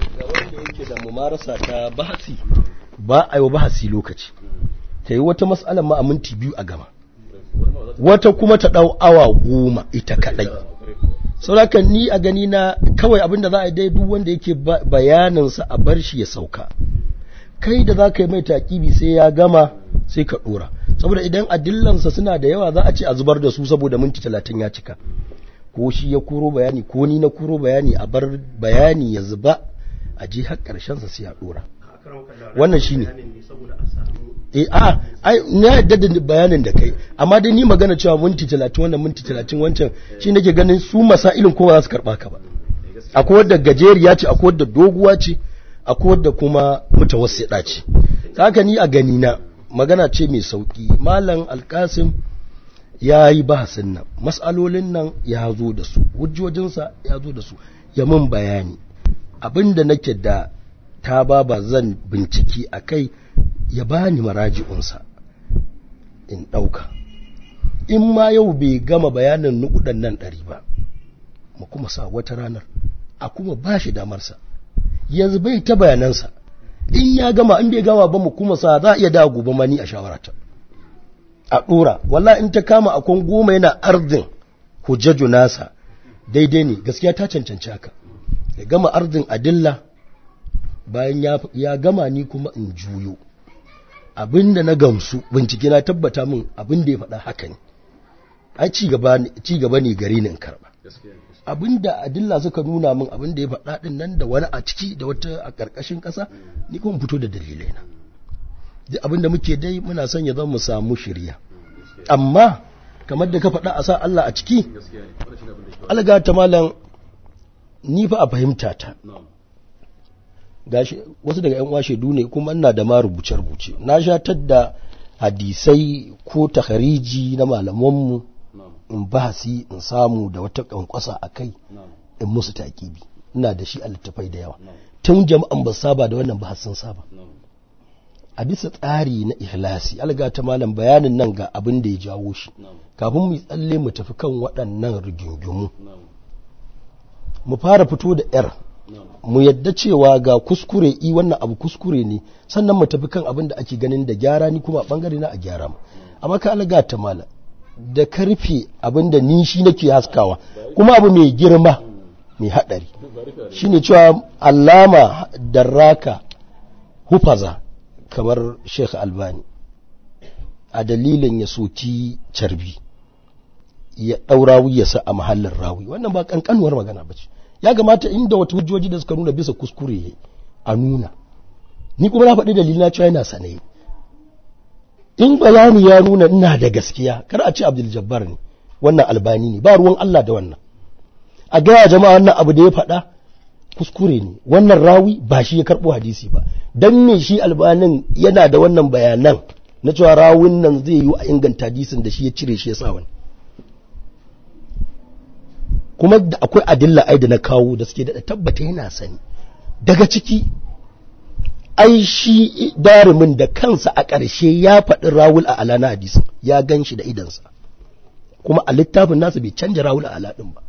ba a yi wa bahasi lokaci ta yi wata matsalar ma a minti biyu a gama wata kuma ta ɗau awa goma ita kaɗai sauraka ni a gani na kawai abinda za a dai duk wanda yake bayaninsa a bar shi ya sauka kai da za ka yi mai takibi sai ya gama sai ka ɗora saboda idan adillansa suna da yawa za a ce a zubar da su saboda minti talatin ya cika ko shi ya kuro bayani ko ni na kuro bayani a bar bayani ya zuba a ji har sa sai a dora wannan shine eh a ai na yadda da bayanin da kai amma dai ni magana cewa minti talatin wannan minti talatin wancan shi nake ganin su masailin kowa za su karba ka ba akwai wadda gajeriya ce akwai wadda doguwa ce akwai wadda kuma mutawassida ce haka ni a gani na magana ce mai sauƙi. malam Alƙasim ya yi bahasin nan matsalolin nan ya zo da su hujjojinsa ya zo da su ya mun bayani abin da nake da ta ba ba zan binciki a kai ya bani maraji'unsa in ɗauka in ma yau bai gama bayanin nukudan nan ɗari ba mu kuma sa wata ranar a kuma ba shi damarsa yanzu bai ta bayanansa in ya gama in bai gama ba mu kuma sa za a iya dawo gobe mani a shawarata a dora wallahi in ta kama akon goma yana ardin hujjaju nasa daidai ne gaskiya ta cancanci haka ya gama ardin adilla bayan ya gama ni kuma in juyo abinda na gamsu bincike na tabbata min abinda ya faɗa haka ne Ai ci gaba ne gari ne in karɓa Abin da adilla suka nuna min abin da ya faɗa ɗin nan da wani a ciki da wata a ƙarƙashin ƙasa ni kuma fito da dalilai na duk da muke dai muna son ya zama mu samu shirya amma kamar da ka faɗa a sa Allah a ciki alga ta malam ni fa a fahimta ta gashi wasu daga ƴan washe dune kuma ina da ma rubuce rubuce na shatar da hadisai ko tahariji na malamanmu in bahasi in samu da wata kankwasa a kai in musu takibi ina da shi a littafai da yawa tun jama'an ba saba da wannan bahasin saba a bisa tsari na ihlasi alga ta malam bayanin nan ga abin da ya jawo shi kafin mu tsalle mu tafi kan waɗannan rigingimu mu fara fito da yar mu yadda cewa ga kuskure i wannan abu kuskure ne sannan mu tafi kan abin da ake ganin da gyara ni kuma bangare na a gyara mu amma ka alga ta malam da karfe abinda ni shi nake haskawa kuma abu mai girma mai haɗari shi ne cewa alama daraka hufaza kamar sheikh albani a dalilin ya soci carbi ya ɗaura wuyarsa a mahallin rawi wannan ba ƙanƙanuwar magana ba ce ya kamata inda wata hujjoji da suka nuna bisa kuskure a nuna ni kuma na faɗi dalilina cewa yana sanayi in bayani ya nuna ina da gaskiya kar a ce abdul jabbar ne wannan albani ne ba ruwan Allah da wannan a gaya jama'a wannan abu da ya faɗa kuskure ne wannan rawi ba shi ya karɓo hadisi ba dan me shi albanin yana da wannan bayanan na cewa rawin nan zai yi a inganta hadisin da shi ya cire shi ya sa wani kuma da akwai adilla ai da na kawo da suke da tabbata yana sani daga ciki ai shi darimin da kansa a ƙarshe ya faɗi rawul a ala na ya gan shi da idansa kuma a littafin nasa bai canja rawul a ala ɗin ba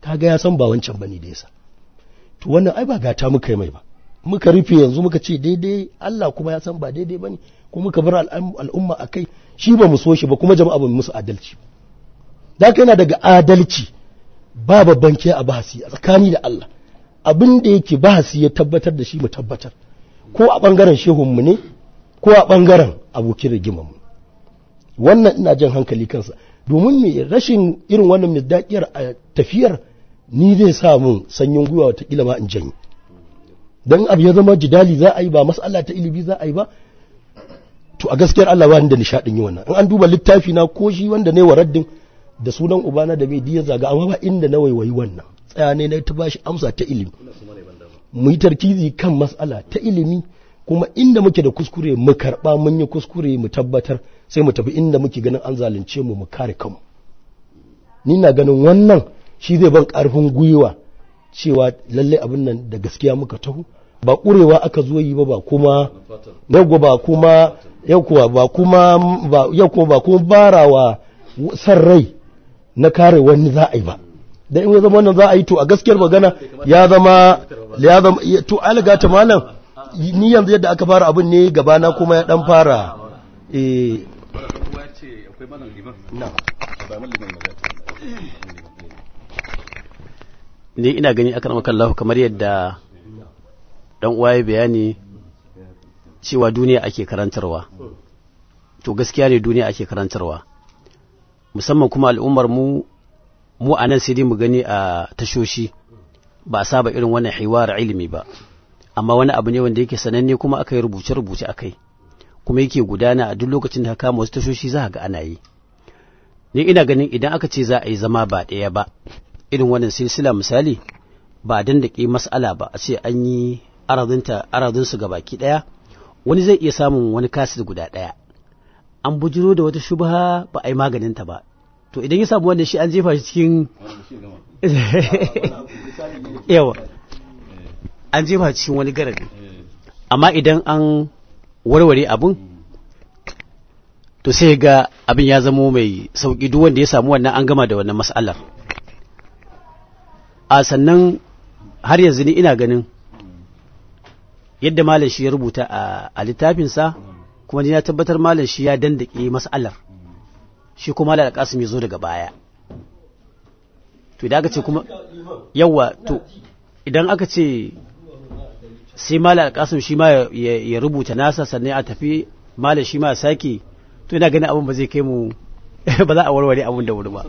kaga ya san ba wancan ba ne da yasa to wannan ai ba gata muka yi mai ba muka rufe yanzu muka ce daidai Allah kuma ya san ba daidai bane kuma muka bar al'umma a kai shi ba mu so shi ba kuma jama'a ba mu musu adalci da yana daga adalci ba babban ke a bahasi a tsakani da Allah abin da yake bahasi ya tabbatar da shi mu tabbatar ko a ɓangaren shehunmu ne ko a ɓangaren abokin rigimanmu wannan ina jan hankali kansa domin me rashin irin wannan misdaƙiyar a tafiyar ni zai sa mun sanyin gwiwa watakila ma in janyi don abu ya zama jidali za a yi ba mas'ala ta ilimi za a yi ba to a gaskiyar Allah ba da nishaɗin yi wannan in an duba littafi na ko shi wanda ne waraddin da sunan ubana da mai diya zaga amma ba inda na waiwayi wannan tsaya ne na ta bashi amsa ta ilimi mu yi tarkizi kan mas'ala ta ilimi kuma inda muke da kuskure mu karɓa mun yi kuskure mu tabbatar sai mu tafi inda muke ganin an zalunce mu mu kare kanmu ni na ganin wannan shi zai ban ƙarfin gwiwa cewa lalle abin nan da gaskiya muka taho ba ƙurewa aka zo yi ba ba kuma yau ba kuma yau kuwa ba kuma yau kuwa ba kuma barawa san rai na kare wani za a yi ba dan in zama wannan za a yi to a gaskiyar magana ya zama ya zama to alga ta malam ni yanzu yadda aka fara abin ne gaba na kuma ya dan fara eh ne ina gani akan Allah kamar yadda dan uwaye bayani cewa duniya ake karantarwa to gaskiya ne duniya ake karantarwa musamman kuma al'ummar mu mu a nan sai dai mu gani a tashoshi ba a saba irin wannan hiwar ilimi ba amma wani abu ne wanda yake sananne kuma aka yi rubuce-rubuce a kai kuma yake gudana a duk lokacin da kama wasu tashoshi za ga ana yi ni ina ganin idan aka ce za a yi zama ba ɗaya ba irin wannan silsila misali ba dan ke mas'ala ba a ce an yi su ga baki ɗaya wani zai iya samun wani kasir guda ɗaya an bujiro da wata shubha ba a yi maganin ta ba to idan ya samu wannan shi an jefa shi cikin [laughs] yawa an jefa cikin wani garar amma idan an warware abun to sai ga abin ya zama mai sauƙi duk wanda ya samu wannan an gama da wannan mas'alar a sannan har yanzu ni ina ganin yadda malam shi ya rubuta a littafinsa kuma ni na tabbatar malam shi ya dandake matsalar shi kuma da kasim ya zo daga baya to idan aka ce kuma yawa to idan aka ce sai malar kasim shi ma ya rubuta nasa sannan a tafi malar shi ma sake to ina ganin abin ba zai kai mu ba za a warware abin da wuri ba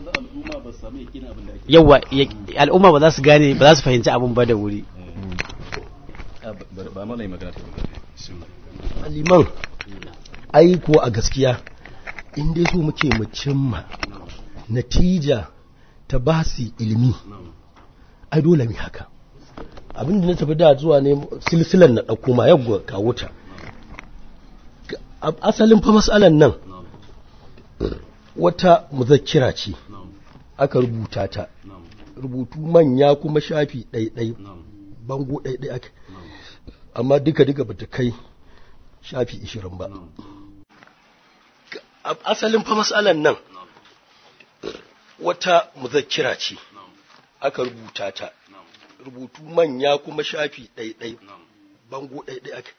yawa al'umma ba za su gane ba za su fahimci abin ba da wuri ba mana yi magana ta liman ai kuwa a gaskiya in dai so muke mu cimma natija ta basi ilimi ai dole mu haka abin da na tafi da zuwa ne silsilan na ɗauko ma yau ga wuta asalin fa masalan nan wata muzakkira ce aka rubuta ta rubutu manya kuma shafi ɗaiɗai bango ɗaiɗai aka amma duka-duka bata kai shafi ishirin ba asalin fa matsalan nan wata muzakira ce aka rubuta ta rubutu manya kuma shafi ɗaiɗai bango ɗaiɗai aka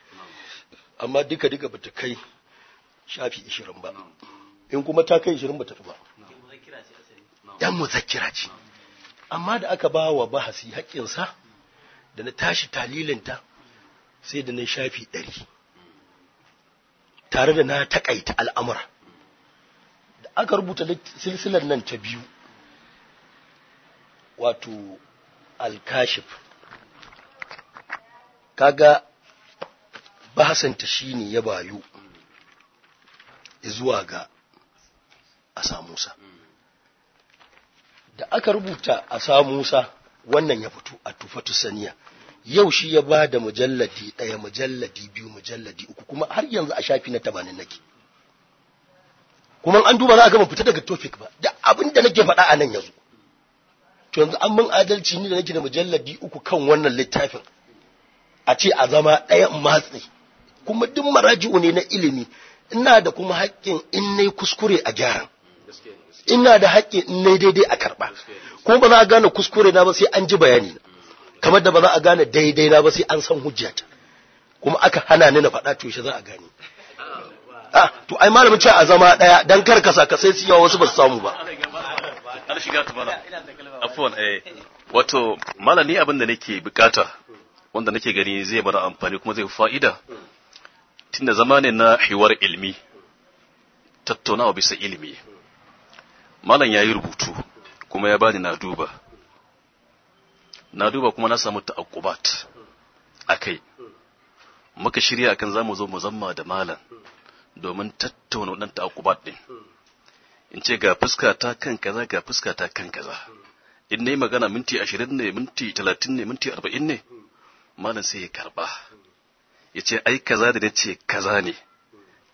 amma duka duka bata kai shafi ishirin ba in kuma ta kai ishirin bata ta ba yan muzakira ce amma da aka ba wa bahasi haƙƙinsa da na tashi talilinta sai da na shafi ɗari tare da na taƙaita al'amura aka rubuta silsilar nan ta biyu wato alkashif kaga bahasanta shine ya bayu zuwa ga a musa da aka rubuta a musa wannan ya fito a tufatu saniya yau shi ya ba da mujalladi ɗaya mujalladi biyu mujalladi uku kuma har yanzu a shafi na tamanin nake kuma an duba za a gama fita daga Tofik ba da abinda da nake faɗa a nan yanzu to yanzu an min adalci ni da nake da mujalladi uku kan wannan littafin a ce a zama ɗaya matsi kuma duk maraji'u ne na ilimi ina da kuma haƙƙin in nayi kuskure a gyaran ina da haƙƙin in nayi daidai a karɓa kuma ba za a gane kuskure na ba sai an ji bayani kamar da ba za a gane daidai na ba sai an san hujjata kuma aka hana ni na faɗa to shi za a gane A ah, to ai malamin ce a zama daya dan kar ka saka sai siya wasu ba su samu ba har shiga tubala afwan eh wato abin da nake bukata wanda nake gani zai bada amfani kuma zai fa'ida tunda zama ne na hiwar ilmi tattaunawa bisa ilmi malam yi rubutu kuma ya bani na duba na duba kuma na samu akubat akai muka shirya akan zamu zo mu zamma da malam domin tattauna ɗanta akubat ɗin in ce ga fuska ta kan kaza ga fuska ta kan kaza in na yi magana minti ashirin ne minti talatin ne minti arba'in ne malam sai ya karba ya ce ai kaza da na ce kaza ne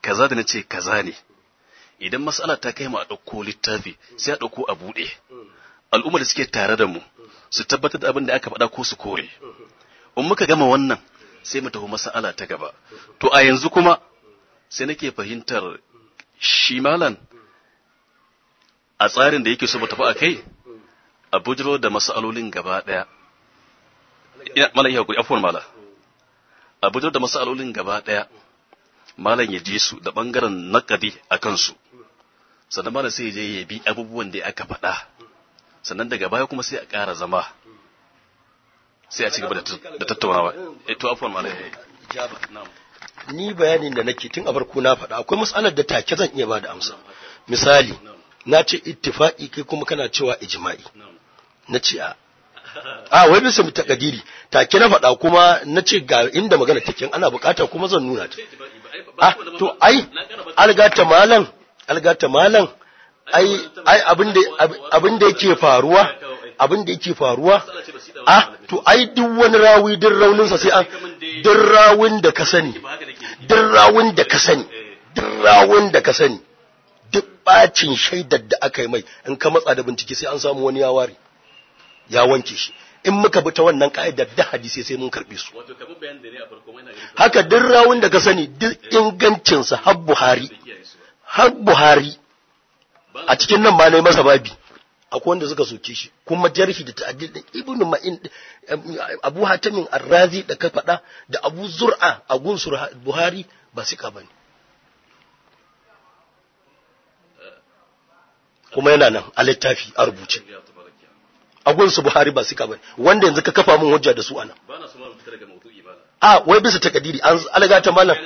kaza da na ce kaza ne idan mas'ala ta kai mu a ɗauko littafi sai a ɗauko a buɗe al'ummar da suke tare da mu su tabbatar da abin da aka faɗa ko su kore in muka gama wannan sai mu tafi mas'ala ta gaba to a yanzu kuma sai nake fahimtar shi malan a tsarin da yake so mu tafi a kai a bujiro da masalolin gaba daya ina malan ya hakuri afuwar mala a bujiro da masalolin gaba daya malan ya ji su da bangaren nakadi a kansu sannan malan sai ya je ya bi abubuwan da aka faɗa sannan daga baya kuma sai a ƙara zama sai a ci gaba da tattaunawa eh to afuwar malan ya ni bayanin da nake tun a farko na faɗa akwai matsalar da take zan iya bada amsa misali na ce ittifaqi kai kuma kana cewa ijma'i na ce a a wai bisa mu takadiri take na faɗa kuma na ce ga inda magana take ana bukata kuma zan nuna ta a to ai algata malam algata malam ai ai abin da abin da yake faruwa abin da yake faruwa ah to ai duk wani rawi din rauninsa sai an duk rawin da ka sani duk rawin da ka sani eh. duk rawin da ka sani duk bacin shaidar da aka yi mai in ka matsa da bincike sai an samu wani ya ware ya wanke shi in muka bi ta wannan ka'idar da hadisi sai mun karbe su haka duk rawin da ka sani duk eh. ingancinsa har Buhari har Buhari a cikin nan ma masa babi akwai wanda suka soke shi kuma jarhi da ta'addid din ibnu ma'in abu hatamin arrazi da ka faɗa da abu zur'a a gunsur buhari ba ka bane kuma yana nan a littafi a rubuce a gunsu buhari ba ka bane wanda yanzu ka kafa mun hujja da su anan ba na su ma daga mutu a wai bisa takadiri an algata malam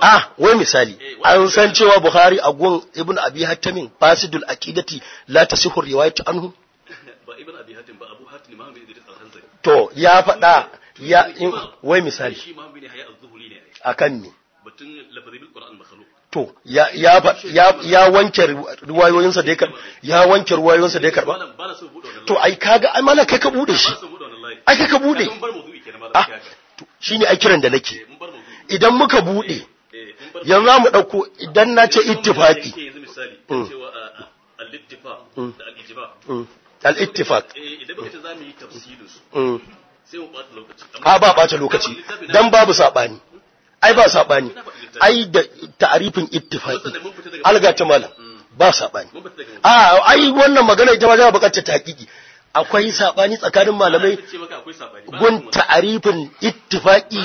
a wai misali eh, an san cewa Buhari a gun Ibn Abi Hatim fasidul aqidati la tasihur riwayatu anhu [laughs] ba Ibn Abi Hatim ba Abu Hatim Imam Idris al-Hanzali to ya fada ya wai misali shi Imam bin Hayya az-Zuhri ne akan ni batun lafazi bil Qur'an makhluq to ya ya ya ya wanke riwayoyinsa da ya karba ya wanke ruwayoyin sa da ya karba to ai kaga ai malaka ka bude shi ai ka bude Shi ne a kiran da nake idan muka bude yanzu mu dauko idan na ce ittifaki al ittifak idan mm. a ba bata lokaci don babu saɓani, ai ba saɓani, ai da ta'arifin ittifaki alga ta malam mm. ba saɓani, a ai wannan magana ita ba za ta haƙiƙi akwai sabani tsakanin malamai gun ta'arifin ittifaqi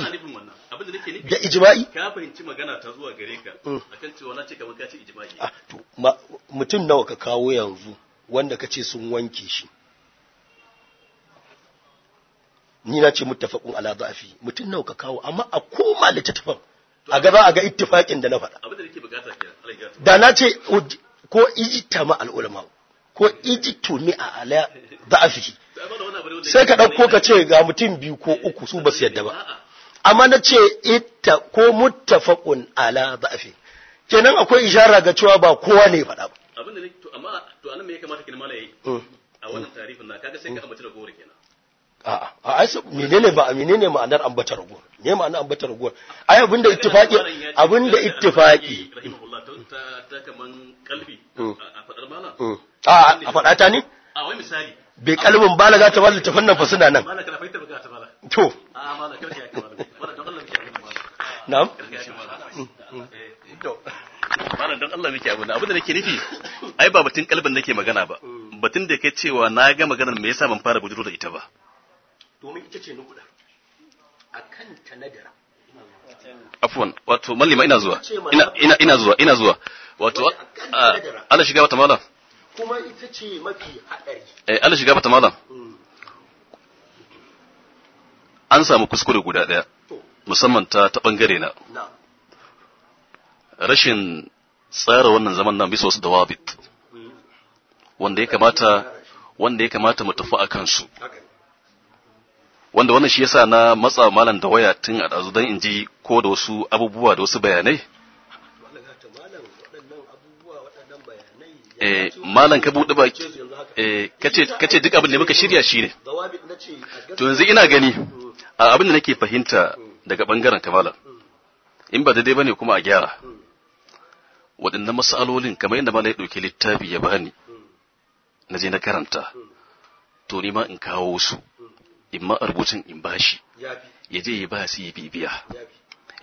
da ijma'i ka fahimci magana ta zuwa gare ka mm. akan cewa na ce kamar ka ce ijma'i ah, to mutum nawa ka kawo yanzu wanda kace sun wanke shi ni na ce muttafaqun ala da'fi mutum nawa ka kawo amma a koma da littattafan a gaba a ga ittifaqin da na faɗa da na ce ko ijtama al ulama ko ijitu ni a ala da'afihi sai ka ɗauko ka ce ga mutum biyu ko uku su ba su yadda ba amma na ce ita ko muttafaqun ala da'afi kenan akwai ishara ga cewa ba kowa ne faɗa ba abin da ne to amma to anan me ya kamata kin mala yayi mm. a wannan tarifin na kaga sai ka mm. ambata ragowar kenan a a ai menene ba menene ma'anar ambata ragowar me ma'anar ambata ragowar ai abinda ittifaqi abinda ittifaqi rahimahullah ta kaman kalbi mm. a fadar mala a a faɗa ta ne a wai misali bai kalbin balaga ta bala tafan nan fa suna nan to na'am malam don Allah muke abu mm, mm. eh, abin da nake nufi ai ba batun kalbin nake magana ba mm. batun da kai cewa na ga maganar me yasa ban fara bujiro da ita ba domin ita ce nukuda akan ta nadara afwan wato mallima ina zuwa ina ina zuwa ina zuwa wato Allah shiga wata malam kuma ita ce mafi haɗari eh Allah shiga mata malam hmm. an samu kuskure guda ɗaya musamman ta ta bangare na rashin tsara wannan zaman nan bisa wasu dawabit hmm. wanda ya kamata wanda ya kamata mu tafi a kansu wanda wannan shi yasa na matsa malam da waya tun a ɗazu don in ji ko da wasu abubuwa da wasu bayanai Eh, malam ka bude baki eh, ka kace duk abin da muka shirya shi ne to yanzu ina gani abin da nake fahimta daga bangaren ka malam in ba daidai bane kuma a gyara waɗannan matsalolin kamar yadda malam ya dauki littafi ya bani na je na karanta to nima in kawo su in ma a in bashi ya je ya ba su yi bibiya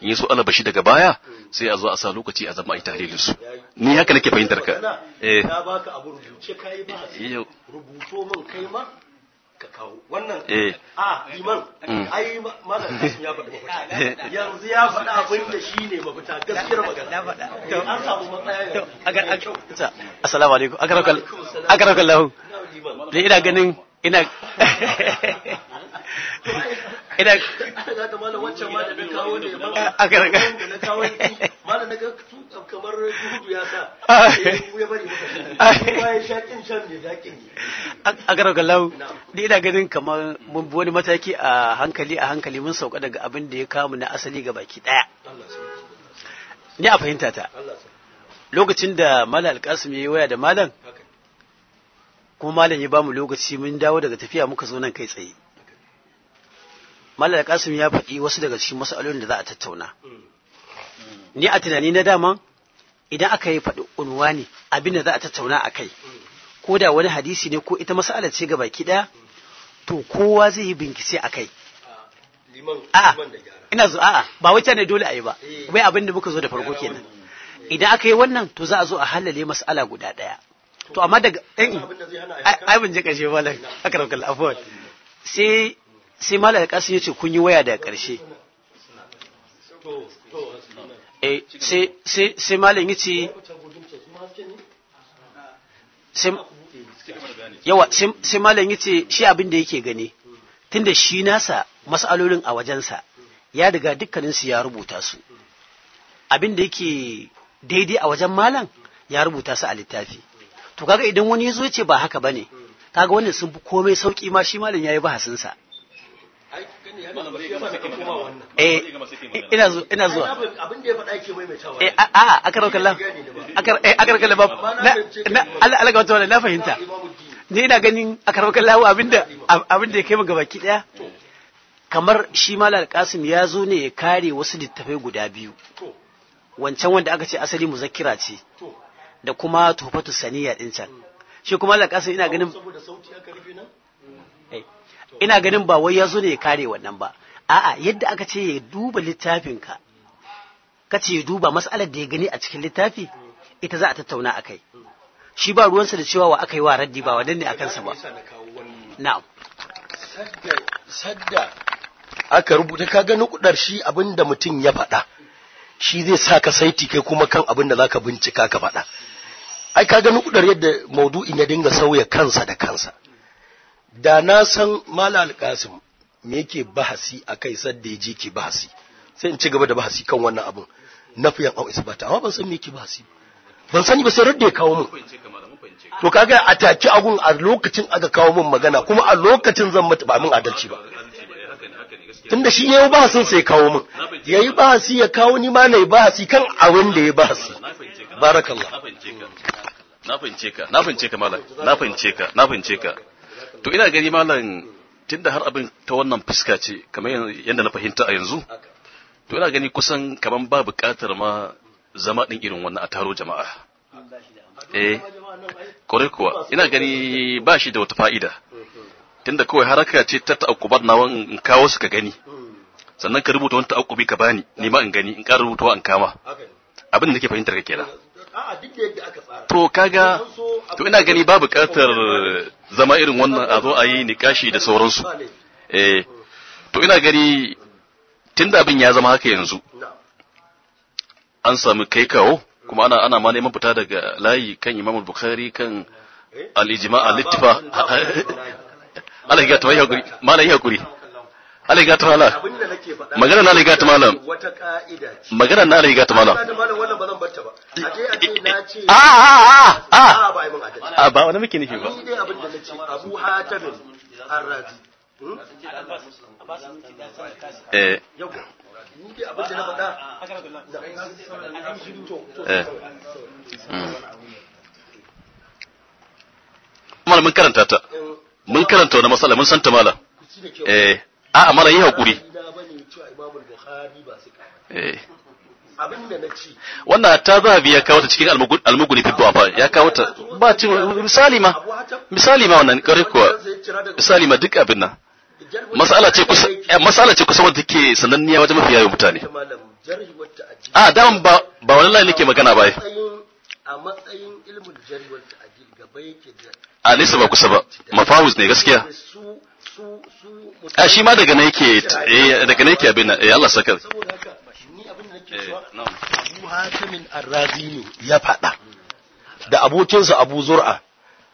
in yi su bashi daga baya sai a zo a sa lokaci a zama a yi tahlilin su ni haka nake fahimtar ka eh baka abu rubuce kai ba rubuto kai ma ka kawo wannan eh. a liman mm. ai malam ya mafita yanzu ya faɗa abin da shi ne mafita gaskiyar magana an samu matsaya assalamu alaikum akarakal akarakal lahu ina ganin ina [laughs] ina ga malam wancan ma da kawo ne a malam na ga kamar ya sa ah. ya bari ah. ya shan ne a lau ni ina ganin kamar mun wani mataki a hankali a hankali mun sauka daga abin da ya kamu na asali ga baki daya ni a fahimta ta lokacin da malam alkasim ya yi waya da malam kuma malam ya bamu lokaci mun dawo daga tafiya muka zo nan kai tsaye Malam Kasim ya faɗi wasu daga cikin masalolin da za a tattauna. Hmm. Ni a tunani na dama idan aka yi faɗi ne abin da za a tattauna a kai. Hmm. Ko da wani hadisi ne ko ita mas'ala ce ga baki ɗaya to kowa zai yi binkisi a kai. A'a ina zo a'a ba wata ne dole a yi ba. Eh. Wai abin da muka zo da farko kenan. Eh. Idan aka yi wannan to za a zo a halale mas'ala guda ɗaya. To amma daga eh, ai ban je malam aka afuwa. Sai sai malaka kasin ya ce kun yi waya da ƙarshe eh, sai malin yi ce yawa sai malam ya ce shi abin da yake gani tunda shi nasa masalolin a wajensa ya daga dukkaninsu ya rubuta su abin da yake daidai a wajen malam ya rubuta su a littafi to kaga idan wani ya zo ce ba haka ba ne kaga wannan sun fi komai sauki ma shi malam yi bahasinsa eh ina zuwa ina ya faɗa eh, a a eh, na ga wata na fahimta ina ganin abin da ya kai mu gabaki daya kamar shi malal kasim ya zo ne ya kare wasu littafai guda biyu wancan wanda aka ce asali muzakkira ce da kuma tufatu saniya din can mm. shi kuma malal kasim ina ganin eh. ina ganin ba wai ya zo ne ya kare wannan ba a'a yadda aka ce ya duba littafinka ka ce ya duba mas'alar da ya gani a cikin littafi ita za a tattauna a kai shi ba ruwansa da cewa wa aka yi wa raddi ba wadanne a kansa ba na'am sadda aka rubuta ka gani kudar shi abin da mutum ya faɗa shi zai sa ka saiti kai kuma kan abin da zaka bincika ka faɗa ai ka gani kudar yadda maudu'in ya dinga sauya kansa da kansa da na san mala Alƙasim me yake bahasi a kai sadda ya je ke bahasi sai in ci gaba da bahasi kan wannan abin na fiyan au isbata amma ban san me yake bahasi ban sani ba sai radda ya kawo mu to kaga a taki agun a lokacin aka kawo mun magana kuma a lokacin zan mutu ba mun adalci ba tunda shi yayi bahasin sai kawo mun yayi bahasi ya kawo ni ma nayi bahasi kan abin da ya bahasi barakallah na fahimce ka na fahimce ka malam na fahimce ka na fahimce ka to ina gani malam tunda har abin ta wannan fuska ce kamar yadda na fahimta a yanzu to ina gani kusan kamar ba buƙatar ma zama ɗin irin wannan a taro jama'a eh kore kuwa ina gani ba shi da wata fa'ida tunda kawai haraka ce ta ta'akkubar nawa in kawo su ka gani sannan ka rubuta wani ta'akkubi ka bani ni ma in gani in ƙara rubutawa an kama abin da nake fahimtar ka kenan to kaga to ina gani babu bukatar zama irin wannan a zo a yi nikashi da sauransu eh to ina gani tunda abin ya zama haka yanzu an samu kai kawo kuma ana ana ma neman fita daga layi kan Imam Bukhari kan al-ijma' al-ittifaq Allah ya tawaye hakuri malai hakuri aliga ta malam magana na aliga malam magana na aliga malam a a a a a ba wani muke nufi ba abu hmm? eh. eh. hmm. Malam mun karanta ta, eh. mun karanta wani matsala mun san malam. Eh. a'a mara yi hakuri eh. wannan ta zahabi ya kawo ta cikin almuguni fi duwa ya kawo ta ba ci misali ma misali ma wannan kare kuwa misali ma duk abin nan masala ce kusa eh, masala ke wadda sananniya wajen mafi yawan mutane a daman ba ba wani lai nake magana ba a matsayin ilmul da a nisa ba kusa ba mafawus ne gaskiya a ah, shi ma daga na yake eh, daga yake abin nan eh Allah saka da eh, Abu ne ya faɗa da abokinsa Abu Zur'a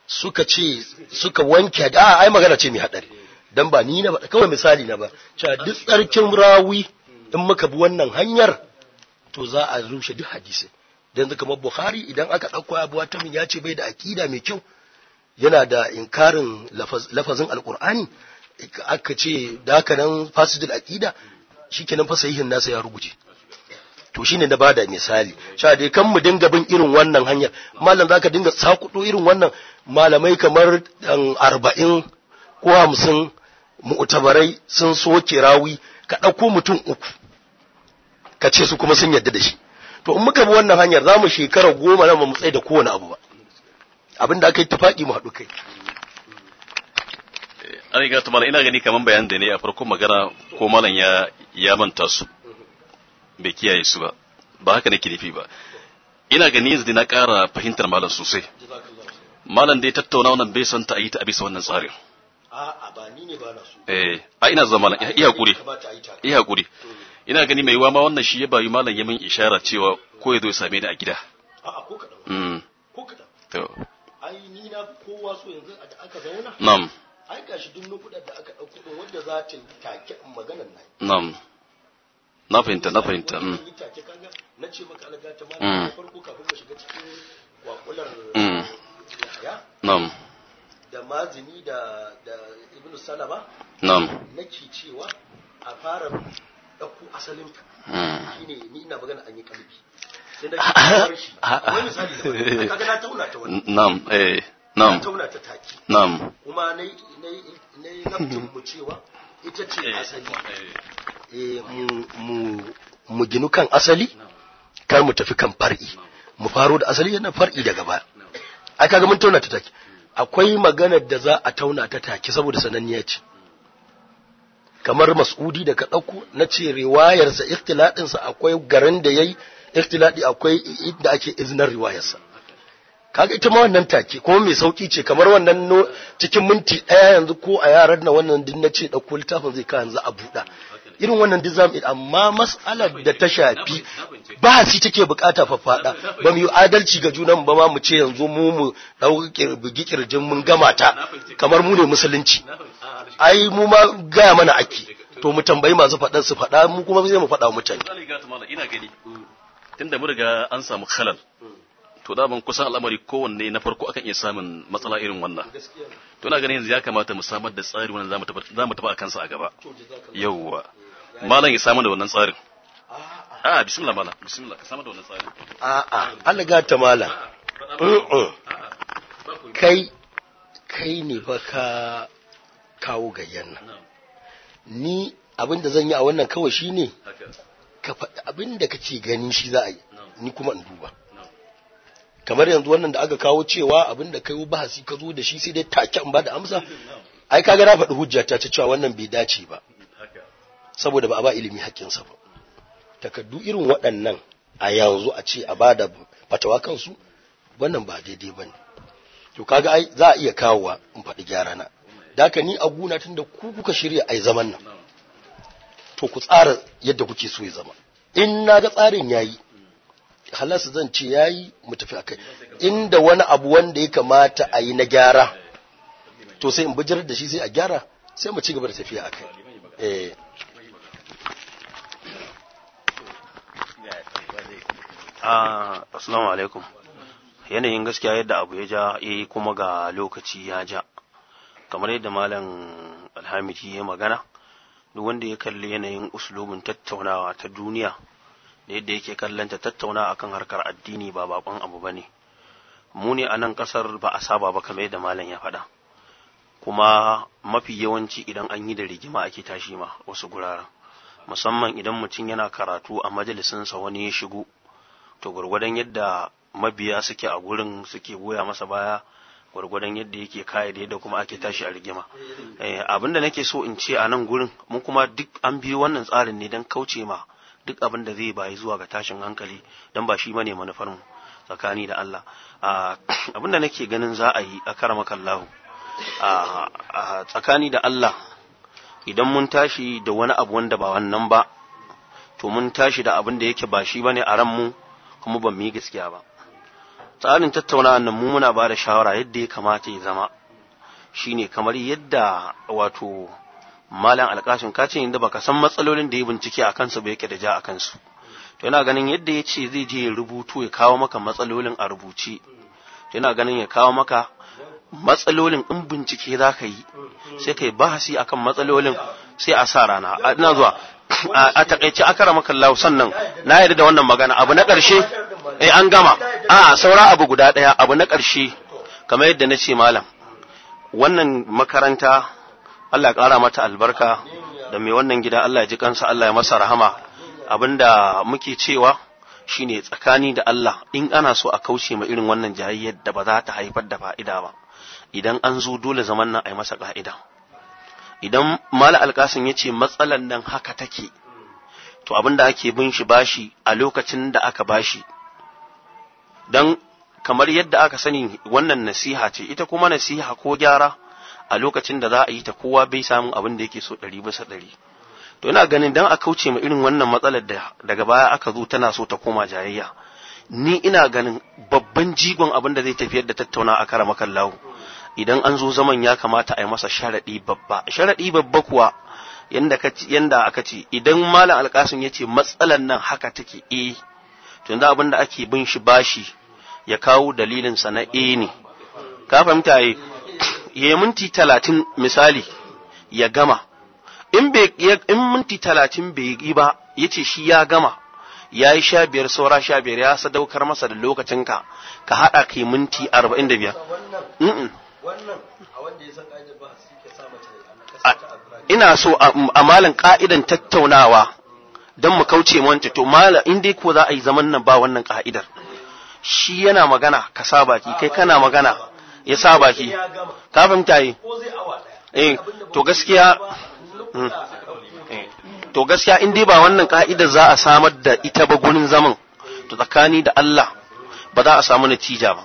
suka ce suka wanke a ah, ai magana ce mai hadari dan ba ni na ba kawai misali na ba cewa duk tsarkin rawi in muka bi wannan hanyar to za a rushe duk hadisi dan kamar Bukhari idan aka dauko Abu Watamin ya ce bai da akida mai kyau yana da inkarin lafazin alkur'ani aka ce da haka nan fasidul aqida shikenan fa nasa ya rubuce to shine na bada misali sha dai kan mu dinga bin irin wannan hanyar malam zaka dinga sakudo irin wannan malamai kamar 40 um, ko 50 mu'tabarai sun soke rawi ka dauko mutum uku ka ce su kuma sun yarda da shi to in muka bi wannan hanyar zamu shekara goma nan ba mu tsaye da kowane abu ba abinda aka yi tafaki mu haɗu kai an ga ta malam ina gani kaman bayan da ne a farkon magana ko malam ya ya manta su bai kiyaye su ba ba haka nake nufi ba ina gani yanzu na ƙara fahimtar malam sosai malam dai tattauna wannan bai son ta a yi ta a wannan tsarin ba ni ne ba na so eh a ina zama malam iya hakuri iya hakuri ina gani mai yiwa ma wannan shi ya bayu malam ya min ishara cewa ko ya zo ya same ni a gida a ko kada mm. ko kada to ai ni na kowa so yanzu aka zauna na'am ai gashi duk lokutan da aka ɗauko ɗin wanda za ta yi take maganar nan na'am na fahimta na fahimta mm. na ce maka alaga ta ma mm. farko kafin mu shiga cikin kwakular mm. na'am da mazini da da ibn salama Na nake cewa a fara ɗauko asalin ta ni ina magana an yi sai da shi [laughs] wani misali da na tauna ta wani eh na'am tauna ta taki kuma na yi laftin mu cewa ita ce eh, asali eh, eh mu mu ginu kan asali kar mu tafi kan far'i mu faro da asali yana far'i daga baya ai kaga mun tauna ta taki akwai maganar da za a tauna ta taki saboda sananniya ce kamar mas'udi da ka ɗauko na ce riwayarsa ikhtilaɗinsa akwai garin da ya yi ikhtilaɗi akwai inda ake iznar riwayarsa kaga ita ma wannan take kuma mai sauki ce kamar wannan no cikin minti ɗaya yanzu ko a yaran na wannan din na ce ɗauko littafin zai ka yanzu a buɗa irin wannan din zamu amma mas'alar da ta shafi ba si take bukata faffada ba mu yi adalci ga junan ba ma mu ce yanzu mu mu ɗauki bugi kirjin mun gama ta kamar mu ne musulunci ai mu ma gaya mana aki to mu tambayi masu faɗan su faɗa mu kuma zai mu faɗa mutane tunda mu riga an samu khalal to da ban kusan al'amari kowanne na farko akan iya samun matsala irin wannan to na ganin yanzu ya kamata mu samar da tsari wannan zamu tabbata zamu tafi akan sa a gaba yawwa malam ya samar da wannan tsarin a ah, bismillah malam bismillah ka samar da wannan tsarin a a alga ta malam uh-uh. kai kai ne fa ka kawo gayyan nan ni abin da zan yi a wannan kawai shine ka faɗi abin da kace ganin shi za a yi ni kuma in duba kamar yanzu wannan da aka kawo cewa abin da kai bahasi ka zo da shi sai dai take in ba da amsa ai kaga na faɗi hujja ta cewa wannan bai dace ba saboda ba a ba ilimi haƙƙinsa ba takaddu irin waɗannan a yanzu a ce a bada da fatawa kansu wannan ba daidai ba ne to kaga ai za a iya kawowa in faɗi gyara na daka ni a guna tunda ku kuka shirya ai zaman nan to ku tsara yadda kuke so ya zama in na ga tsarin yayi halas zan ce ya yi mu tafi kai inda wani abu wanda ya kamata a yi na gyara to sai in bijirar da shi sai a gyara sai mu ci gaba da tafiya a kai. Eh. Ah, assalamu alaikum yanayin gaskiya yadda abu ya ja yi eh, kuma ga lokaci ya ja kamar yadda malam alhamidi ya magana duk wanda ya kalli yanayin uslubin tattaunawa ta duniya da yadda yake kallon ta tattauna akan harkar addini ba bakon abu bane mu ne a nan kasar ba a saba ba kamar yadda malam ya faɗa kuma mafi yawanci idan an yi da rigima ake tashi ma wasu guraren musamman idan mutum yana karatu a majalisinsa wani ya shigo to gwargwadon yadda mabiya suke a gurin suke goya masa baya gwargwadon yadda yake kai da kuma ake tashi a rigima eh, abin da nake so in ce a nan gurin mun kuma duk an biyo wannan tsarin ne don kauce ma duk abin da zai bayi zuwa ga tashin hankali don ba shi mane manufar mu tsakani da Allah [clears throat] abin da nake ganin za a yi a karamakallahu a tsakani da Allah idan mun tashi da wani abu wanda ba wannan ba to mun tashi da abin da yake ba shi bane a ran mu kuma ban yi gaskiya ba tsarin tattaunawa nan mu muna ba da shawara yadda ya kamata ya zama shine kamar yadda wato malam alkashin ka ce inda baka san matsalolin da ya bincike a kansu ba yake da ja a kansu to yana ganin yadda ya ce zai je ya rubutu ya kawo maka matsalolin a rubuce to yana ganin ya kawo maka matsalolin in bincike za ka yi sai ka yi bahasi akan matsalolin sai a sa rana ina zuwa a takaice akara maka Allah sannan na yarda da wannan magana abu na ƙarshe eh an gama a saura abu guda ɗaya abu na ƙarshe kamar yadda na ce malam wannan makaranta Allah ya ƙara mata albarka da mai wannan gida Allah ya ji kansa Allah ya masa rahama abinda muke cewa shine tsakani da Allah in ana so a kauce ma irin wannan jayayyar da ba za ta haifar da fa'ida ba idan an zo dole zaman nan a yi masa ka'ida idan mala alkasin ya ce matsalan nan haka take to abinda ake bin shi bashi a lokacin da aka bashi don kamar yadda aka sani wannan nasiha ce ita kuma nasiha ko gyara a lokacin da za a yi ta kowa bai samun abin da yake so ɗari bisa ɗari to ina ganin dan a kauce ma irin wannan matsalar da daga baya aka zo tana so ta koma jayayya ni ina ganin babban jigon abin da zai tafiyar da tattauna a kara lawo idan an zo zaman ya kamata a yi masa sharaɗi babba sharaɗi babba kuwa yanda yanda aka ce idan malam alkasim yace ce matsalar nan haka take eh to yanzu abin da ake bin shi bashi ya kawo dalilin sa na eh ne ka fahimta eh ya yi minti talatin misali ya gama in minti talatin bai yi ba ya ce shi ya gama ya yi sha biyar saura sha biyar ya sadaukar masa da lokacinka ka haɗa kai minti arba'in da biyar ina so a malin ka'idan tattaunawa don mu kauce wance to mala inda ko za a yi zaman nan ba wannan ka'idar shi yana magana ka saba ki kai kana magana ya sa baki ka fahimta yi to gaskiya to gaskiya in dai ba wannan ka'idar za a samar da ita ba gurin zaman to tsakani da Allah ba za a samu natija ba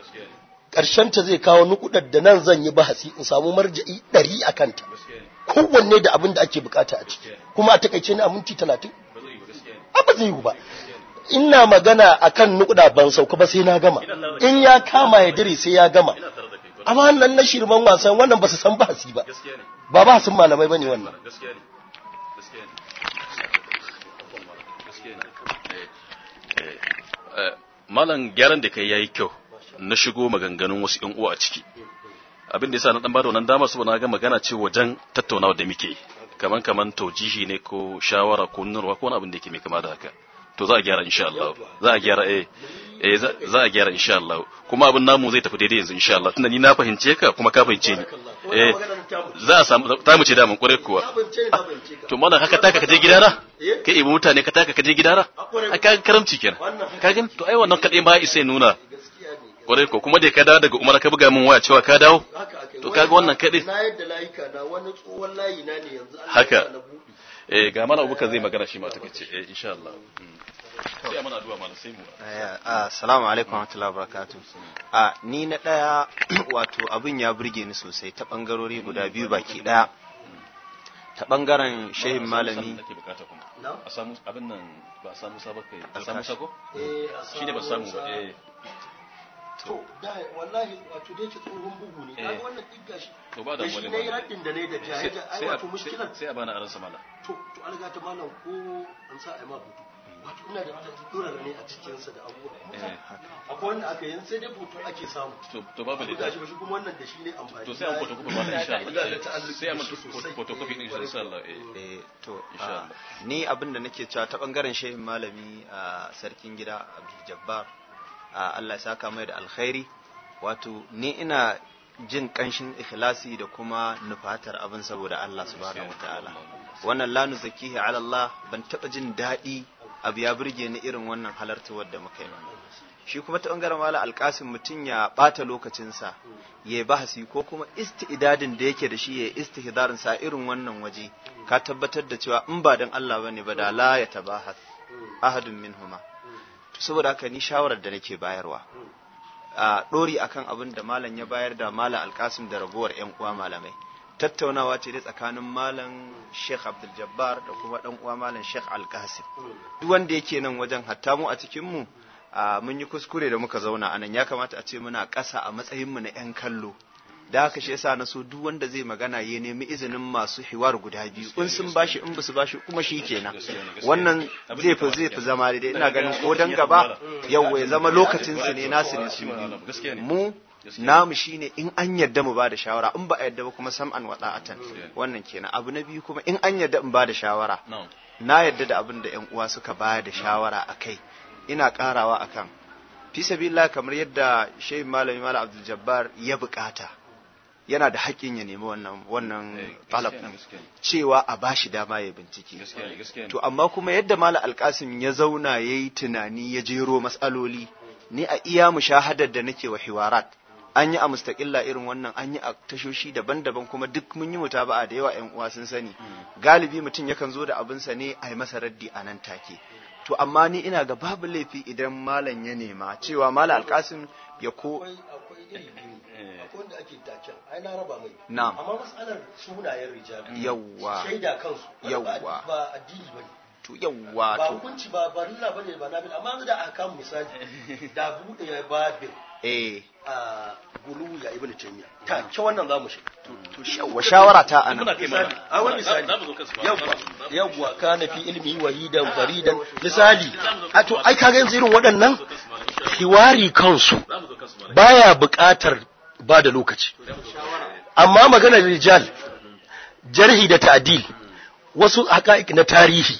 ta zai kawo nukudar da nan zan yi bahasi in samu marja'i ɗari a kanta kowanne da abin da ake bukata a ciki kuma a takaice ne a minti talatin ah, ba zai yi ba ina magana a kan nukuda ban sauka ba sai na gama in ya kama ya dire sai ya gama amma nan na shirman wasan wannan ba su san bahasi ba ba ba sun malamai ne wannan eh, eh, malam gyaran da kai yayi kyau na shigo maganganun wasu ƴan uwa a ciki abin da yasa na dan bada wannan dama saboda na ga magana ce wajen tattaunawa da muke kaman kaman taujihi ne ko shawara ko nurwa ko wani abin da yake mai kama da haka to za a gyara insha Allah za a gyara eh eh za a gyara insha Allah kuma abin namu zai tafi daidai yanzu insha Allah tunda ni na fahimce ka kuma ka fahimce ni eh za a samu ta mu ce da mun kware kuwa to mana haka taka kaje na eh? kai ibu mutane ka taka kaje na a ka karamci kenan kaga to ai wannan kadai ma isa nuna kwarai ko kuma da ka dawo daga umar ka buga min waya cewa ka dawo to kaga wannan kaɗai na yadda layika na wani tsohon layi na ne yanzu haka eh ga mana abubakar zai magana shi ma ta kace eh insha Allah hmm. sai mana addu'a mana sai mu eh, assalamu alaikum warahmatullahi wabarakatuh hmm. a ni na daya [clears throat] wato abin ya burge ni sosai ta bangarori guda biyu baki daya ta bangaren hmm. shehin malami a samu abin nan ba a samu sabo kai a samu sako eh ne ba samu ba eh to da wallahi wato tsohon bugu ne kaga eh. wannan shi. to ba da wani ne sai a bana mala to to wato ina da dora ne a cikin sa da abubuwa eh, akwai wanda aka yin sai dai butu ake samu to to babu da shi kuma wannan da shi ne amfani to sai an sai a mutu foto kofi insha Allah eh, eh ah, Allah ni abinda nake cewa ta bangaren shehin malami a ah, sarkin gida Abdul Jabbar Allah ya saka mai da alkhairi wato ni ina jin kanshin ikhlasi da kuma nufatar abin saboda Allah subhanahu wataala wannan la nuzakihi ala Allah ban taba jin daɗi abu ya burge ni irin wannan halartuwar da muka yi shi kuma ta bangaren mala alkasin mutum ya bata lokacinsa ya yi bahasi ko kuma istidadin da yake da shi ya yi istihdarin sa irin wannan waje ka tabbatar da cewa in ba dan Allah bane ba da la ya tabahas ahadun minhuma saboda haka ni shawarar da nake bayarwa a ɗori akan abin da malam ya bayar da malam alkasim da ragowar 'yan uwa malamai tattaunawa ce dai tsakanin malam Sheikh Abdul Jabbar da kuma dan uwa malam Sheikh Alkasim duk wanda yake nan wajen hatta mu a cikin mu mun yi kuskure da muka zauna anan ya kamata a ce muna ƙasa a matsayin mu na 'yan kallo da haka shi yasa na so duk wanda zai magana ya nemi izinin masu hiwar guda biyu in sun bashi in basu bashi kuma shi kenan wannan zai fi zai fi zama daidai ina ganin ko dan gaba yau ya zama lokacin su ne nasu ne su mu namu shine in an yarda mu bada shawara in ba a yarda ba kuma sam sam'an a da'atan wannan kenan abu na biyu kuma in an yarda in bada shawara na yarda da abin da yan uwa suka bada shawara akai ina karawa akan fi sabilillah kamar yadda shehin malami malam abdul jabbar ya bukata yana da haƙƙin ya nemi wannan wannan eh, talab cewa a bashi dama ya bincike to amma kuma yadda mala Alƙasim ya zauna yayi tunani ya jero matsaloli ni a iya shahadar da nake wa hiwarat an yi a mustaqilla irin wannan an yi a tashoshi daban-daban kuma duk mun yi mutaba'a da yawa yan uwa sun sani hmm. galibi mutum yakan zo da abinsa ne a yi masa raddi a nan take to amma ni ina ga babu laifi idan malam ya nema cewa malam Alƙasim ya ko da ake yawwa yawwa yawwa to ba ta ke [laughs] eh. wannan zamu shi to shawara ta anan a wani misali kana fi ilmi wahidan faridan misali a to ai ga yanzu irin waɗannan hiwari kansu baya buƙatar ba da lokaci amma maganar rijal jarhi da ta'adil wasu haka na tarihi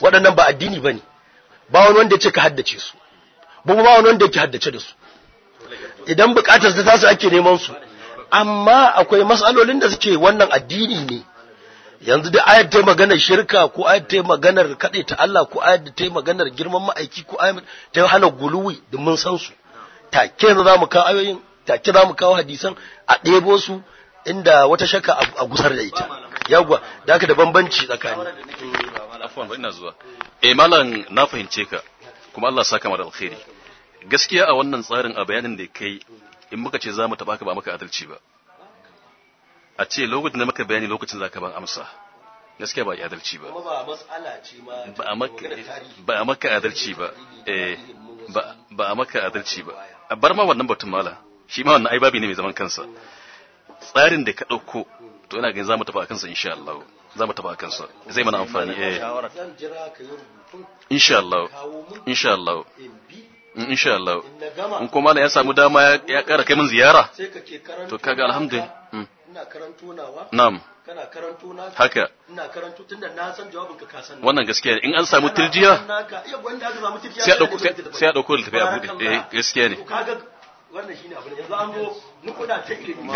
waɗannan ba addini ba ne. ba wani wanda ce ka haddace su ba ba wani wanda ke haddace da su idan bukatar ta tasu ake neman su amma akwai matsalolin da suke wannan addini ne yanzu da ayat ta maganar shirka ko ayat ta maganar kaɗai ta Allah ko ayat ta maganar girman ma'aiki ko ayat ta hana guluwi domin sansu san su take yanzu za mu kawo ayoyin take za mu kawo hadisan a ɗebo su inda wata shaka a gusar da ita yawwa da aka da bambanci tsakani afwan ina eh na fahimce ka kuma Allah saka mu alkhairi gaskiya a wannan tsarin a bayanin da kai in muka ce za mu taba ka ba maka adalci ba a ce lokacin da maka bayani lokacin ka ban amsa gaskiya ba adalci ba ba a maka adalci ba eh ba a maka adalci ba a bar ma wannan batun mala shi ma wannan aibabi ne mai zaman kansa tsarin da ka ɗauko to ina ganin za mu tafi a kansa insha Allah za mu tafi a kansa zai mana amfani eh insha Allah insha Allah insha Allah in kuma ya samu dama ya ƙara kai min ziyara to kaga alhamdulillah mm. ina karanto nawa na'am kana karanto na haka ina karanto tunda na san jawabin ka san wannan gaskiya in an samu tirjiya sai a dauko sai a dauko tafi a bude eh gaskiya ne kaga wannan shine abin yanzu an zo nukuda ta ilimi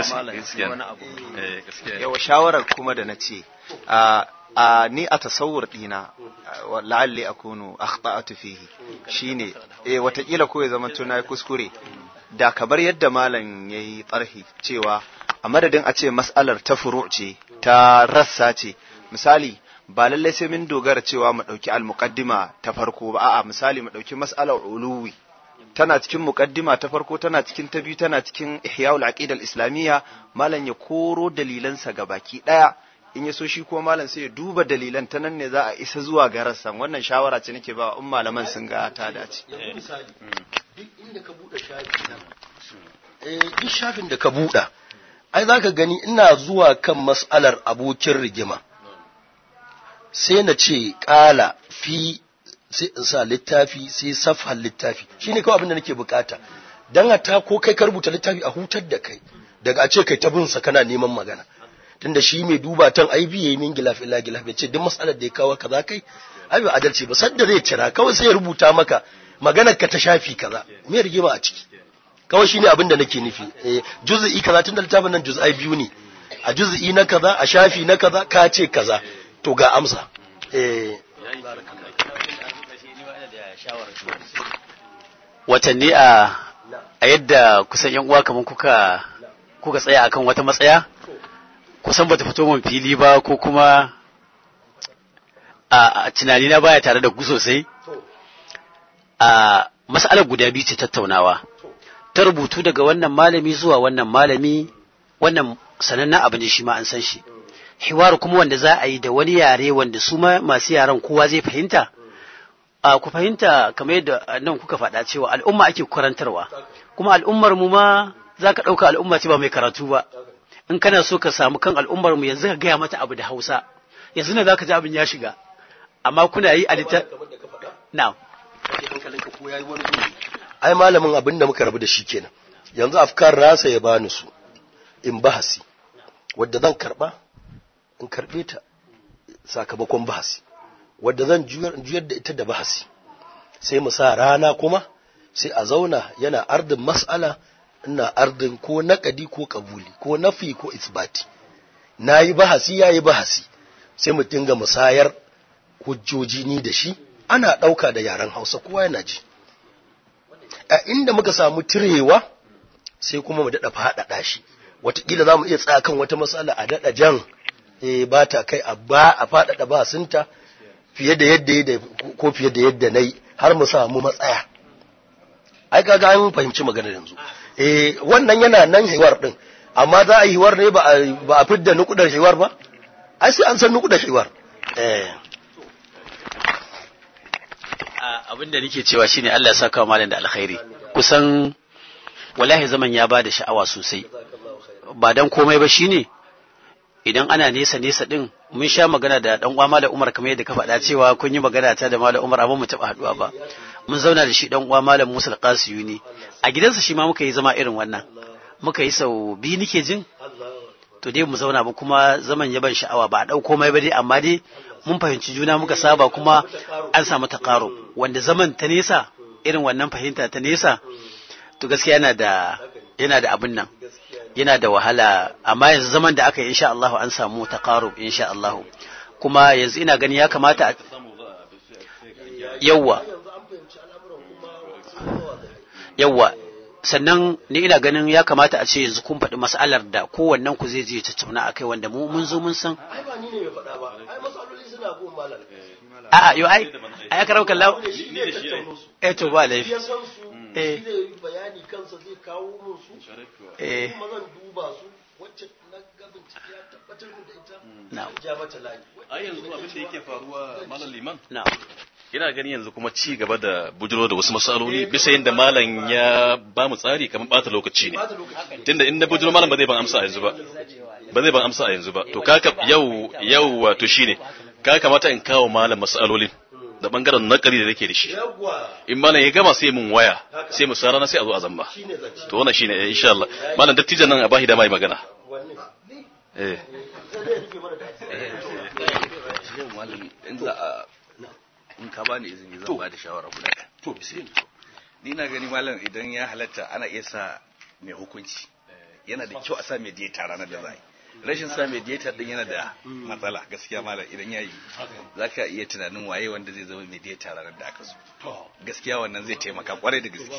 wani abu eh, yawa shawarar kuma da nace a a ni a tasawur dina la'alli akunu fihi shine eh watakila ko ya zama tuna kuskure da kamar yadda malam yayi tsarhi cewa a madadin a ce mas'alar ta furu ta rassa ce misali ba lallai sai min dogara cewa mu ɗauki almuqaddima ta farko ba a'a misali mu ɗauki mas'alar uluwi tana cikin mukaddima ta farko tana cikin ta biyu tana cikin ihya'ul aqida al-islamiyya malam ya koro dalilan sa baki daya in ya so shi ko malam sai ya duba dalilan ta nan ne za a isa zuwa ga rassan wannan shawara ce nake ba in malaman sun ga ta dace eh. hmm. duk buɗe eh duk shafin da ka buɗe ai zaka gani ina zuwa kan mas'alar abokin rigima sai na ce ƙala fi sai in sa littafi sai safhan littafi shine kawai abin da nake bukata dan ta ko kai ka rubuta littafi a hutar da kai daga a ce kai ta bin sa kana neman magana tunda shi mai duba tan ya yi min gilaf illa gilaf ya ce duk masalar da ya kawo kaza kai ai ba adalci ba sadda zai cira kawai sai ya rubuta maka maganar ka ta shafi kaza me rigima a ciki kawai shine abin da nake nufi eh juz'i kaza tunda littafin nan juz'i biyu ne a juz'i na kaza a shafi na kaza ka ce kaza to ga amsa eh watanni a yadda kusan yan uwa kamar kuka kuka tsaya akan wata matsaya kusan bata fito mun fili ba ko kuma a tunani na baya tare da ku sosai a mas'alar guda biyu ce tattaunawa ta rubutu daga wannan malami zuwa wannan malami wannan sanannen abu ne shi ma an san shi hiwar kuma wanda za a yi da wani yare wanda su ma masu yaren kowa zai fahimta a ku fahimta kamar yadda nan kuka faɗa cewa al'umma ake karantarwa kuma al'ummar mu ma za ka ɗauka al'umma ce ba mai karatu ba in kana so ka samu kan al'ummar mu yanzu ka gaya mata abu da hausa yanzu ne za ka ji abin ya shiga amma kuna yi a na. ai malamin abin da muka rabu da shi kenan yanzu afkar rasa ya bani su in bahasi wadda zan karba in karbe ta sakamakon bahasi wadda zan juyar da ita da bahasi sai mu sa rana kuma sai a zauna yana ardin mas'ala ina ardin ko naƙadi ko kabuli ko nafi ko isbati na yi bahasi ya yi bahasi sai mu dinga musayar hujjoji ni da shi ana ɗauka da yaren hausa kowa yana ji a inda muka samu tirewa sai kuma mu daɗa faɗaɗa shi watakila za mu iya tsakan wata matsala a daɗa jan e, eh, bata ta kai a ba a faɗaɗa basinta fiye da yadda yadda ko fiye da yadda na yi har mu samu matsaya ai kaga an fahimci maganar yanzu eh wannan yana nan hiwar din amma za a yi hiwar ne ba a fidda nukudar hiwar ba ai sai an san nukudar hiwar eh abinda nake cewa shine Allah ya saka malam da alkhairi kusan wallahi zaman ya bada sha'awa sosai ba dan komai ba shine idan ana nesa nesa din mun sha magana da dan uwa Malam Umar kamar yadda ka faɗa cewa kun yi magana ta da Malam Umar amma mu taɓa haɗuwa ba mun zauna da shi dan uwa Malam Musa Yuni. a gidansa shi ma muka yi zama irin wannan muka yi sau biyu nike jin to dai mu zauna ba kuma zaman ya ban sha'awa ba a ɗau komai ba dai amma dai mun fahimci juna muka saba kuma an samu takaro wanda zaman ta nesa irin wannan fahimta ta nesa to gaskiya yana yana da abin nan yana da wahala amma yanzu zaman da aka yi insha Allah an samu taqarub insha Allah kuma yanzu ina gani ya kamata yawa yawa sannan ni ina ganin ya kamata a ce yanzu kun faɗi mas'alar da kowannen ku zai je tattauna akai wanda mu mun zo mun san ai ba ni ne mai faɗa ba ai masaloli suna gun malal a'a yo ai ai eh to ba laifi Eh. zai bayani kansa zai kawo mun su eh. kuma zan duba su wacce na ya tabbatar da ita na mm. ja mata layi ai yanzu abin da yake faruwa malam liman na ina gani yanzu kuma ci gaba da bujiro da wasu masaloli eh, bisa yadda malam ya ba mu tsari kamar bata lokaci ne tunda in na bujiro malam ba zai ban amsa a yanzu ba ba zai ban amsa a yanzu ba to kaka yau yau wato shine ka kamata in kawo malam masalolin. da bangaren nakari da nake da shi in ya gama sai mun waya sai mu sarana sai a zo a zamba to wannan shine eh, insha Allah malam dattijan nan a bashi da mai magana eh malam za a in ka bani izini zan ba da shawara guda to bismillah ni na gani malam idan ya halatta ana iya sa mai hukunci yana da kyau a sa mai dai na da zai rashin sa mediator din yana da mm. matsala gaskiya malam idan yayi zaka iya tunanin waye wanda zai zama mediator ranar da aka zo gaskiya wannan zai taimaka kwarai da gaske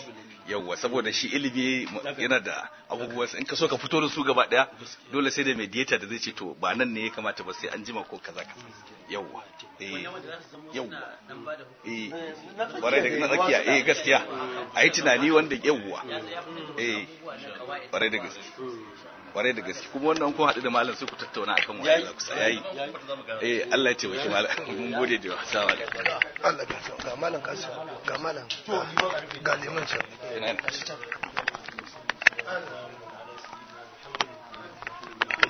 yawwa saboda shi ilimi yana da abubuwa in ka so ka fito da su gaba daya dole sai da mediator da zai ce to ba nan ne ya kamata ba sai an jima ko kaza kaza yawwa eh yawwa eh, eh kwarai da na tsakiya eh gaskiya ayi tunani wanda yawwa eh kwarai da gaske mm. kware da gaske kuma wannan kun haɗu da malam sai ku tattauna akan wannan za ku sa yayi eh Allah ya ce taimaki malam mun gode da wasawa da Allah ka sa ga malam ka sa ga malam to ga liman sa ina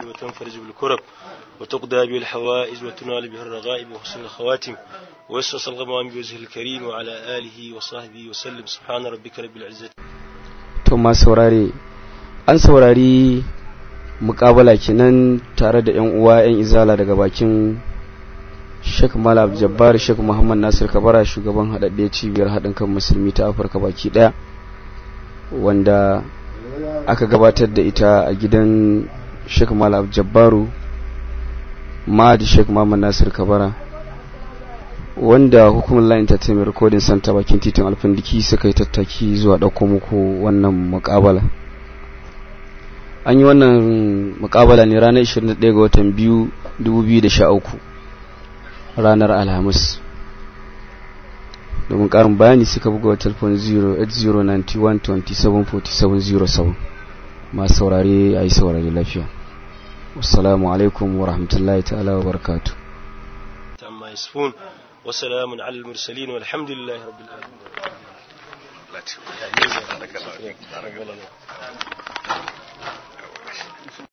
وتنفرج بالكرب وتقضى به الحوائج وتنال به الرغائب وحسن الخواتم ويسوس الغمام بوجه الكريم وعلى آله وصحبه وسلم سبحان ربك رب العزة ثم سوراري أن سوراري mukabala kenan tare da yan uwa yan izala daga bakin Sheikh Malam Jabbar Sheikh Muhammad Nasir Kabara shugaban haɗaɗɗe cibiyar haɗin kan musulmi ta Afirka baki ɗaya wanda aka gabatar da ita a gidan Sheikh Malam Jabbaru Mahadi Sheikh Muhammad Nasir Kabara wanda hukumar Line Entertainment Recording Center bakin titin Alfindiki suka yi tattaki zuwa ɗauko muku wannan muƙabala. an yi wannan mukabala ne ranar 21 ga watan 2013 ranar alhamis domin karin bayani suka buga wa telefon 08091274707 masu saurare a yi saurare lafiya wassalamu alaikum wa rahmatullahi ta'ala wa barakatu وسلام على المرسلين والحمد لله رب العالمين